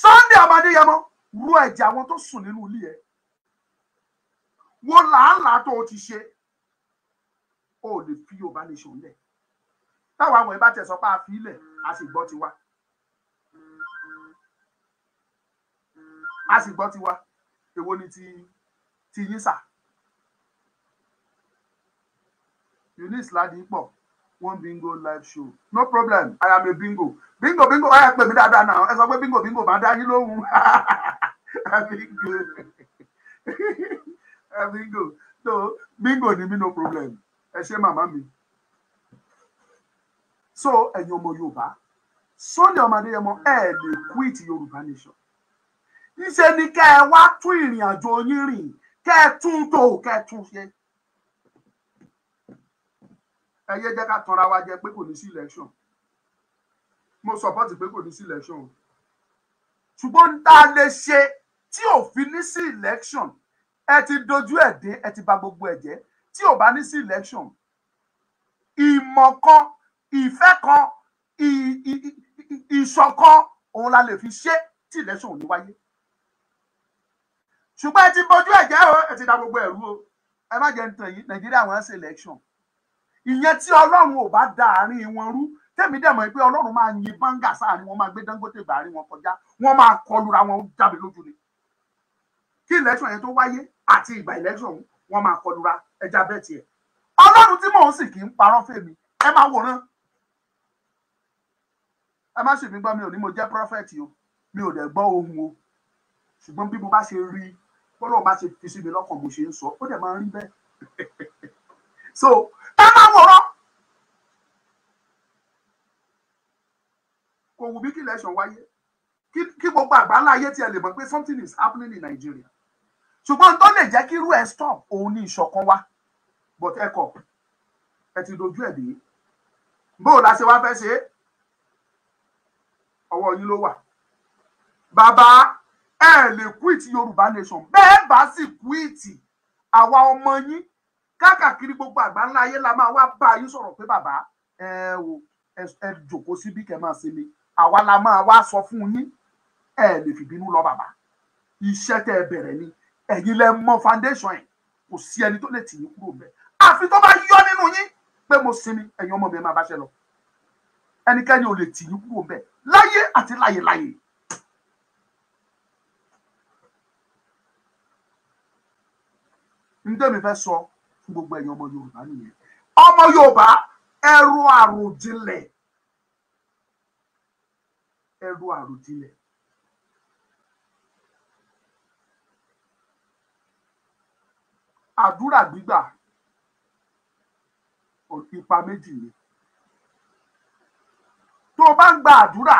Sunday Adéyẹmọ ru ẹ̀jẹ̀ àwọn tó sùn nínú ilé ẹ̀ wo làálàá tó o ti ṣe o ò lè fi Yorùbá nation lẹ̀ táwa àwọn ẹ̀ sọ pé a fi lẹ̀ a sì gbọ́ tiwa a sì gbọ́ tiwa èwo ni ti ti yín sà Eunice Ladipo one bingo live show no problem I am a bingo bingo bingo ẹ pè mí dáadáa náà ẹ sọ pé bingo bingo máa dá yín lóhùn bingo bingo no bingo ni mi no problem ẹ ṣe màmá mi so ẹ̀yin ọmọ yorùbá Sunday ọmọ Adéyẹmọ ẹ lè quit yorùbá nation níṣẹ ni kẹ ẹ wá tún ìrìn àjò yín rìn kẹ ẹ tún tó kẹ ẹ tún ṣe ẹ yé jẹ́ ká tanra wa jẹ pé kò ní sí election mo support pé kò ní sí election o ṣùgbọ́n tá a lè ṣe tí ò ní sí election ẹ ti dojú ẹ̀ dé ẹ ti bà gbogbo ẹ̀ jẹ́ tí ò bá ní sí election ìmọ̀ kan ìfẹ́ kan ìṣọ̀kan òun la lè fi ṣe tí election ò ní wáyé ṣùgbọ́n ẹ ti bójú ẹ̀jẹ̀ o ẹ ti da gbogbo ẹ̀rú o ẹ má jẹ́ nítorí nàìjíríà wọn ṣe election ìyẹn tí ọlọ́run ò bá da àárín wọn rú tẹ́mi dẹ̀ mọ̀ pé ọlọ́run máa yin báńgà sáàrin wọn máa gbé dangote bàárín wọn kọjá wọn máa kọlura wọn jáde lójú ni kí election yẹn tó wáyé àti ìgbà election ọ̀hún wọ́n máa kọlura ẹja bẹ́ẹ̀ tiẹ̀ ọlọ́run tí mò ń sìn kì í parọ́ fèmí ẹ máa wòran ẹ má ṣèmí gbọ́ mi ò ní mo jẹ́ prọfẹ̀tì o mi ò dẹ̀ gbọ́ ohun o ṣùgbọ́n bí mo bá ṣe rí bọ́lọ̀ bá ṣe fi sí mi lọ́kàn mo ṣe ń sọ ó dẹ̀ máa rí bẹ́ẹ̀ so ẹ máa wòran kò wù bí kí ilẹ̀ wáyé kí gbogbo àgbáńlá ayé tiẹ̀ lè mọ̀ pé something is happening in Nigeria ṣùgbọ́n tó lè jẹ́ kí irú ẹ̀ stop òun ní ìṣọ̀kan wa but ẹ kọ̀ ẹ ti dojú ẹ̀ dé bóò la ṣe wá fẹ́ ṣe é ọwọ́ yín ló wà bàbá ẹ lè quit Yorùbá nation bẹ́ẹ̀ bá sì quit àwa ọmọ yín káàkiri gbogbo àgbà ayé la máa wá bá yín sọ̀rọ̀ pé bàbá ẹ o ẹ jòkó síbí kẹ́ máa ṣe ni àwa la máa wá sọ fún yín ẹ lè fìbínú lọ bàbá iṣẹ́ tẹ́ ẹ bẹ̀rẹ̀ ni ẹ̀yin lẹ mọ foundation ẹ̀ kò sí ẹni tó lè tì yín kúrò bẹ́ẹ̀ àfi tó bá yọ nínú yín pé mo sinmi ẹ̀yin ọmọ mi máa bá ṣe lọ ẹnikẹ́ni ò lè tì yín kúrò bẹ́ẹ̀ láyé àti láyé láyé. ntẹ́mi fẹ́ sọ fún gbogbo ẹ̀yin ọmọ Yorùbá nìyẹn ọmọ Yorùbá ẹrù àròjinlẹ̀ ẹrù àròjinlẹ̀ àdúrà gbígbà ipa méjì ni tó o bá ń gba àdúrà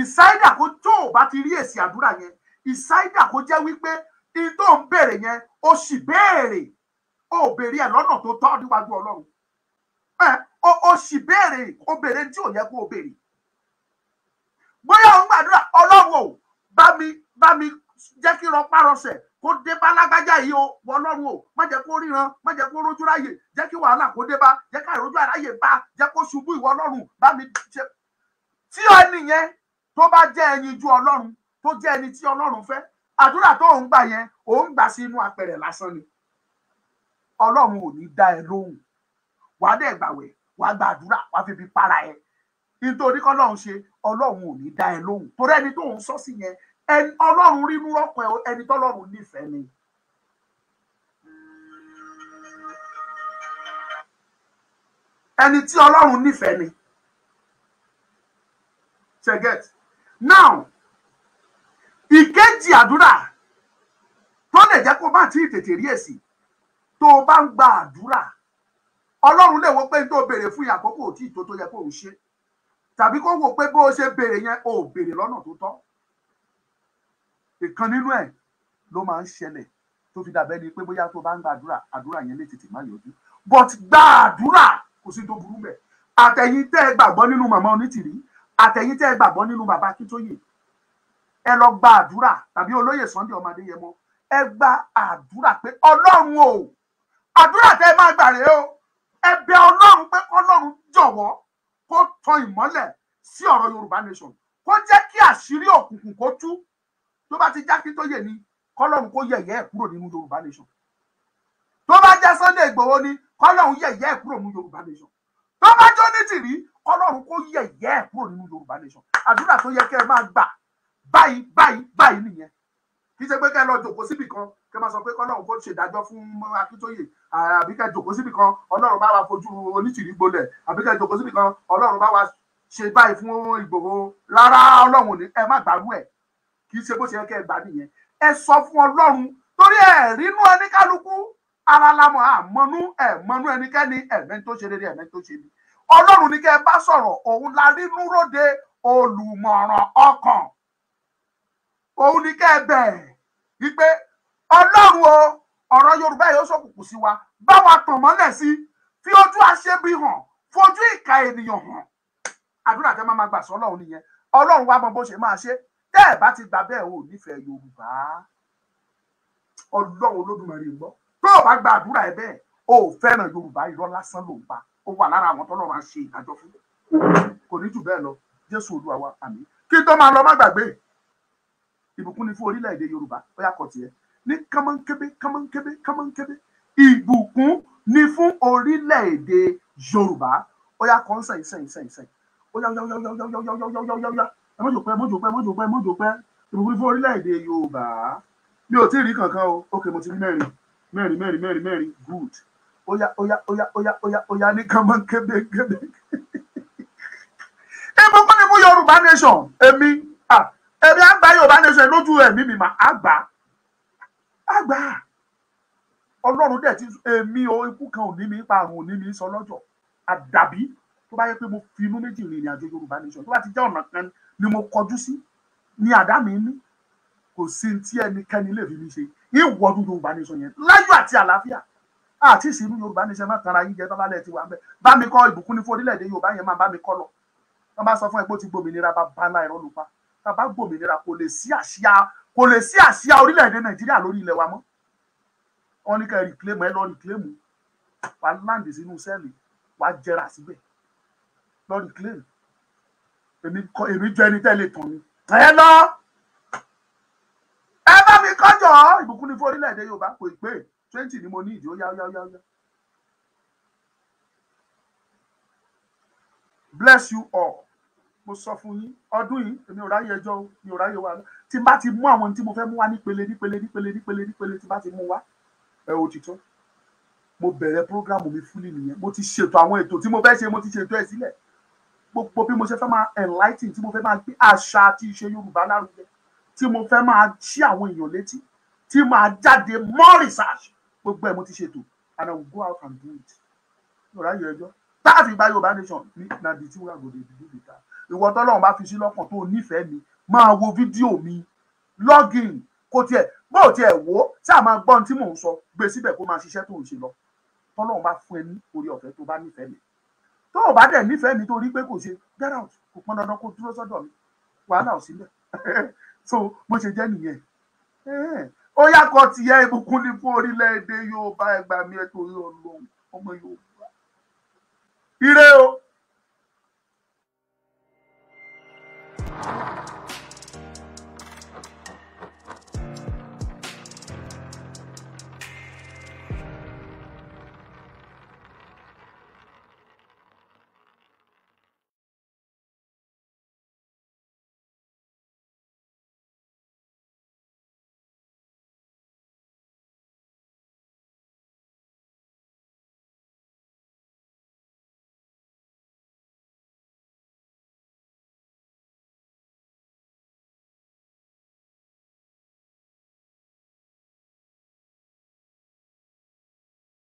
ìsáídà kó tó o bá ti rí èsì àdúrà yẹn ìsáídà kó jẹ́ wípé ní tó ń béèrè yẹn o sì béèrè o béèrè ẹ̀ lọ́nà tó tọ́ níwájú ọlọ́run o sì béèrè o béèrè tí ò yẹ kó o béèrè bóyá o ń gbàdúrà ọlọ́run o bá mi bá mi jẹ́ kí n rọ párọsẹ̀ kó dé bá lágbájá yìí o wọlọ́run o má jẹ́ kó ríran má jẹ́ kó rójú ráyè jẹ́ kí wàhálà kó dé bá jẹ́ ká ìrójú àráyè bá jẹ́ kó ṣubú ìwọ ọlọ́run bá mi ṣe. tí ẹni yẹn tó bá jẹ́ ẹni ju ọlọ́run tó jẹ́ ẹni tí ọlọ́run fẹ́ àdúrà tó ń gbà yẹn ò ń gbà sí inú apẹ̀rẹ̀ lásán ni ọlọ́run ò ní dá ẹ lóhùn wàá dẹ̀ gbàwẹ̀ wàá gba àdúrà wàá fi bí para ẹ nítorí kọ́lọ́run ṣe ọlọ́run ò ní dá ẹ lóhùn torí ẹni tó ń sọ sí yẹn ọlọ́run rínú ọkàn ẹni tọ́lọ́run nífẹ̀ẹ́ ni. ẹni tí ọlọ́run nífẹ̀ẹ́ ni. Ṣẹ̀gẹ̀t. Now, ìkejì àdúrà tó lè jẹ́ kó bá tí ì tètè rí èsì tó o bá ń gba àdúrà ọlọ́run lè wo pé tó o béèrè fún ìyàkókò tí ìtò tó yẹ kó o ṣe tàbí kó o wò pé bó o ṣe béèrè yẹn o ò béèrè lọ́nà tó tọ́ ìkan nínú ẹ̀ ló máa ń ṣẹlẹ̀ tó fi dàbẹ́ ni pé bóyá tó bá ń gbàdúrà àdúrà yẹn lè tètè má yọjú but gba àdúrà kò sí tó burú mẹ́ àtẹ̀yìn tẹ́ ẹ gbàgbọ́ nínú màmá onítìrí àtẹ̀yìn tẹ́ ẹ gbàgbọ́ nínú bàbá akíntóyè ẹ lọ gba àdúrà tàbí olóyè sunday ọmọdé yẹn mọ ẹ gba àdúrà pé ọlọ́run o àdúrà tẹ́ ẹ máa gbà rèé o ẹ bẹ̀ ọlọ́run pé ọlọ́run jọ̀wọ́ kó tan ìmọ́lẹ̀ sí ọ̀rọ̀ yorùbá nation kó jẹ́ kí àṣírí òkùnkùn kó tú tó bá ti jákè tó yè ni kọ́lọ́run kó yẹ̀yẹ́ ẹ̀ kúrò nínú yorùbá nation tó bá jẹ́ Sunday Ìgbòho ni kọ́lọ́run yẹ̀yẹ́ ẹ̀ kúrò nínú yorùbá nation tó bá jó ní tìrí kọ́lọ́run kó yẹ̀yẹ́ ẹ̀ kúrò nínú yorùbá nation àdúrà tó yẹ kẹ́ ẹ máa gbà báyìí báyìí báyìí nìyẹn kì í ṣe pé kẹ́ ẹ lọ jòkó síbì kan kẹ́ máa sọ pé kọ́lọ́run kó ṣèdájọ́ fún Akíntóyè àbí kẹ́ jòkó síbì kan ọlọ́run bá wa fojú onítìrí gbolẹ̀ àbí kẹ́ jòkó síbì kan ọlọ́run bá wa ṣe báyìí fún Ìgbòho rárá ọlọ́run ẹ má gbàrú ẹ̀ kì í ṣe bó ṣe yẹ kẹ́ ẹ gbà nìyẹn ẹ sọ fún ọlọ́run torí ẹ rínú ẹnikálukú ara lamọ àmọnú ẹ mọnú ẹnikẹ́ni ẹ̀mẹ́ni tó ṣe rere ẹ̀mẹ́ni tó ṣe ni ọlọ́run ní kẹ́ ẹ bá sọ̀rọ̀ òun la rínú róde olùmọ̀ràn ọkàn òun ní kẹ́ ẹ bẹ̀ wípé ọlọ́run o ọ̀rọ̀ yorùbá yóò ṣòkùnkùn sí wa bá wa tàn mọ́lẹ̀ sí fi ojú aṣebi hàn fojú ìka ènìyàn hàn àdúrà tẹ́ máa gbà sọ́lọ́run nìyẹn ọlọ́run wa mọ bó ṣe máa ṣe é tẹ́ ẹ̀ bá ti gbà bẹ́ẹ̀ o nífẹ̀ẹ́ yorùbá ọlọ́run olódùmarè gbọ́ tó o bá gba àdúrà ẹ bẹ́ẹ̀ o ò fẹ́ràn yorùbá irọ́ lásán ló ń pa ó wà lára àwọn tọ́lọ́ máa ń ṣe ìdájọ́ fún kò ní jù bẹ́ẹ̀ lọ jésù olúwa wa àmín kí tó máa lọ má gbàgbé ìbùkún ni fún orílẹ̀-èdè yorùbá ó yà kọ̀ tiẹ̀ ní kánmọ́nkébé kánmọ́nkébé kánmọ́nkébé ìbùkún ni fún orílẹ̀-èdè yorùbá ó yà kọ́ ń sẹ̀yìn sẹ̀yìn sẹ̀yìn sẹ̀yìn ó yà ó yà ó yà ó yà ó yà ó yà ó yà ó yà ó yà ẹ mọ́jò pẹ́ mọ́jò pẹ́ mọ́jò pẹ́ mọ́jò pẹ́ ìbùkún fún orílẹ̀-èdè Yorùbá mi ò tí ì rí kankan o ok mo ti rí mẹ́rin mẹ́rin mẹ́rin mẹ́rin mẹ́rin good oya oya oya oya oya oya ní kan máa ń kébé kébé ìbùkún ni fún Yorùbá nation èmi èmi àgbà Yorùbá nation lójú ẹ̀mí mi mà àgbà àgbà Ọlọ́run dẹ̀ ti èmi o ikú kan ò ní mi ipa àrùn ò ní mi sọ lọ́jọ́ àdàbí tó bá yẹ pé mo fi inú méjì rìnrìn àjò Yorùbá nation tó bá ti jẹ́ ọ̀nà kan ni mo kọjú sí ni àdá mi ní kò sí tí ẹnikẹ́ni lè fi mi ṣe ìwọ́dún yorùbá nation yẹn láyọ̀ àti àlàáfíà àti ìṣèlú yorùbá nation má tara yín jẹ bábá lẹ́ẹ̀ ti wà bẹ́ẹ̀ bá mi kọ́ ìbùkún ní fún orílẹ̀-èdè yorùbá yẹn máa bá mi kọ́ lọ wọ́n bá sọ fún ẹ pé ó ti gbòmìnira bá bala ẹ̀rọ ló pa tá a bá gbòmìnira kò lè sí àṣìá orílẹ̀-èdè nàìjíríà lórí ilẹ̀ wa mọ́ wọ́n ní ká rìkílẹ̀mù ẹ lọ rìkílẹ̀mù wàá láǹdì sínú sẹ́ẹ̀lì wàá jẹrà síbẹ̀ lọ rìkílẹ̀mù èmi kọ èmi jọ ẹni tẹ́lẹ̀ tán ni ẹ lọ ẹ bá mi kọjọ ìbùkún ní fún orílẹ̀ Yorùbá kò pé twenty ni mo ní ìdí ó yá yá yá. bless you all mo sọ fún yín ọdún yìí èmi ò ráyè ẹjọ́ mi ò ráyè wa tí n bá ti mú àwọn tí mo fẹ́ mú wá nípele nípele nípele nípele nípele tí n bá ti mú wá ẹ ò ti mo bẹ̀rẹ̀ prógrámù mi fúlì nìyẹn mo ti ṣètò àwọn ètò tí mo fẹ́ ṣe mo ti ṣètò ẹ̀ sílẹ̀ gbogbo bí mo ṣe fẹ́ máa enlighten tí mo fẹ́ máa gbé àṣà àti ìṣe yorùbá lárugẹ tí mo fẹ́ máa ṣí àwọn èèyàn létí tí máa jáde more research gbogbo ẹ̀ mo ti ṣètò and i will go out and do it ọ̀rá yọ ẹjọ́ táàfin gba yorùbá nation ní nàdí tí wọ́n àgọ́dẹ̀ ìdílé ìta ìwọ tọ́lọ́run bá fi sí lọ́kàn tó nífẹ̀ẹ́ mi máa wo fídíò mi login kò tiẹ̀ bó o tiẹ̀ wò ó a máa gbọ́n tí mò ń sọ gbé e síbẹ̀ kó máa ṣiṣẹ́ tó ń ṣe lọ tọ́lọ́run bá fún ẹ ní orí ọ̀fẹ́ tó bá nífẹ̀ẹ́ mi tó o bá dẹ̀ nífẹ̀ẹ́ mi torí pé kò ṣe get out kò pọn dandan kó dúró sọ́dọ̀ mi wàhálà ò sílẹ̀ so bó ṣe jẹ́ nìyẹn ó yàkọ̀ tìyẹ́ ìbùkún ní fún orílẹ̀-èdè Yorùbá ẹgbàá mi ẹ̀ torí Ọlọ́run ọmọ Yorùbá ire o. Thank you.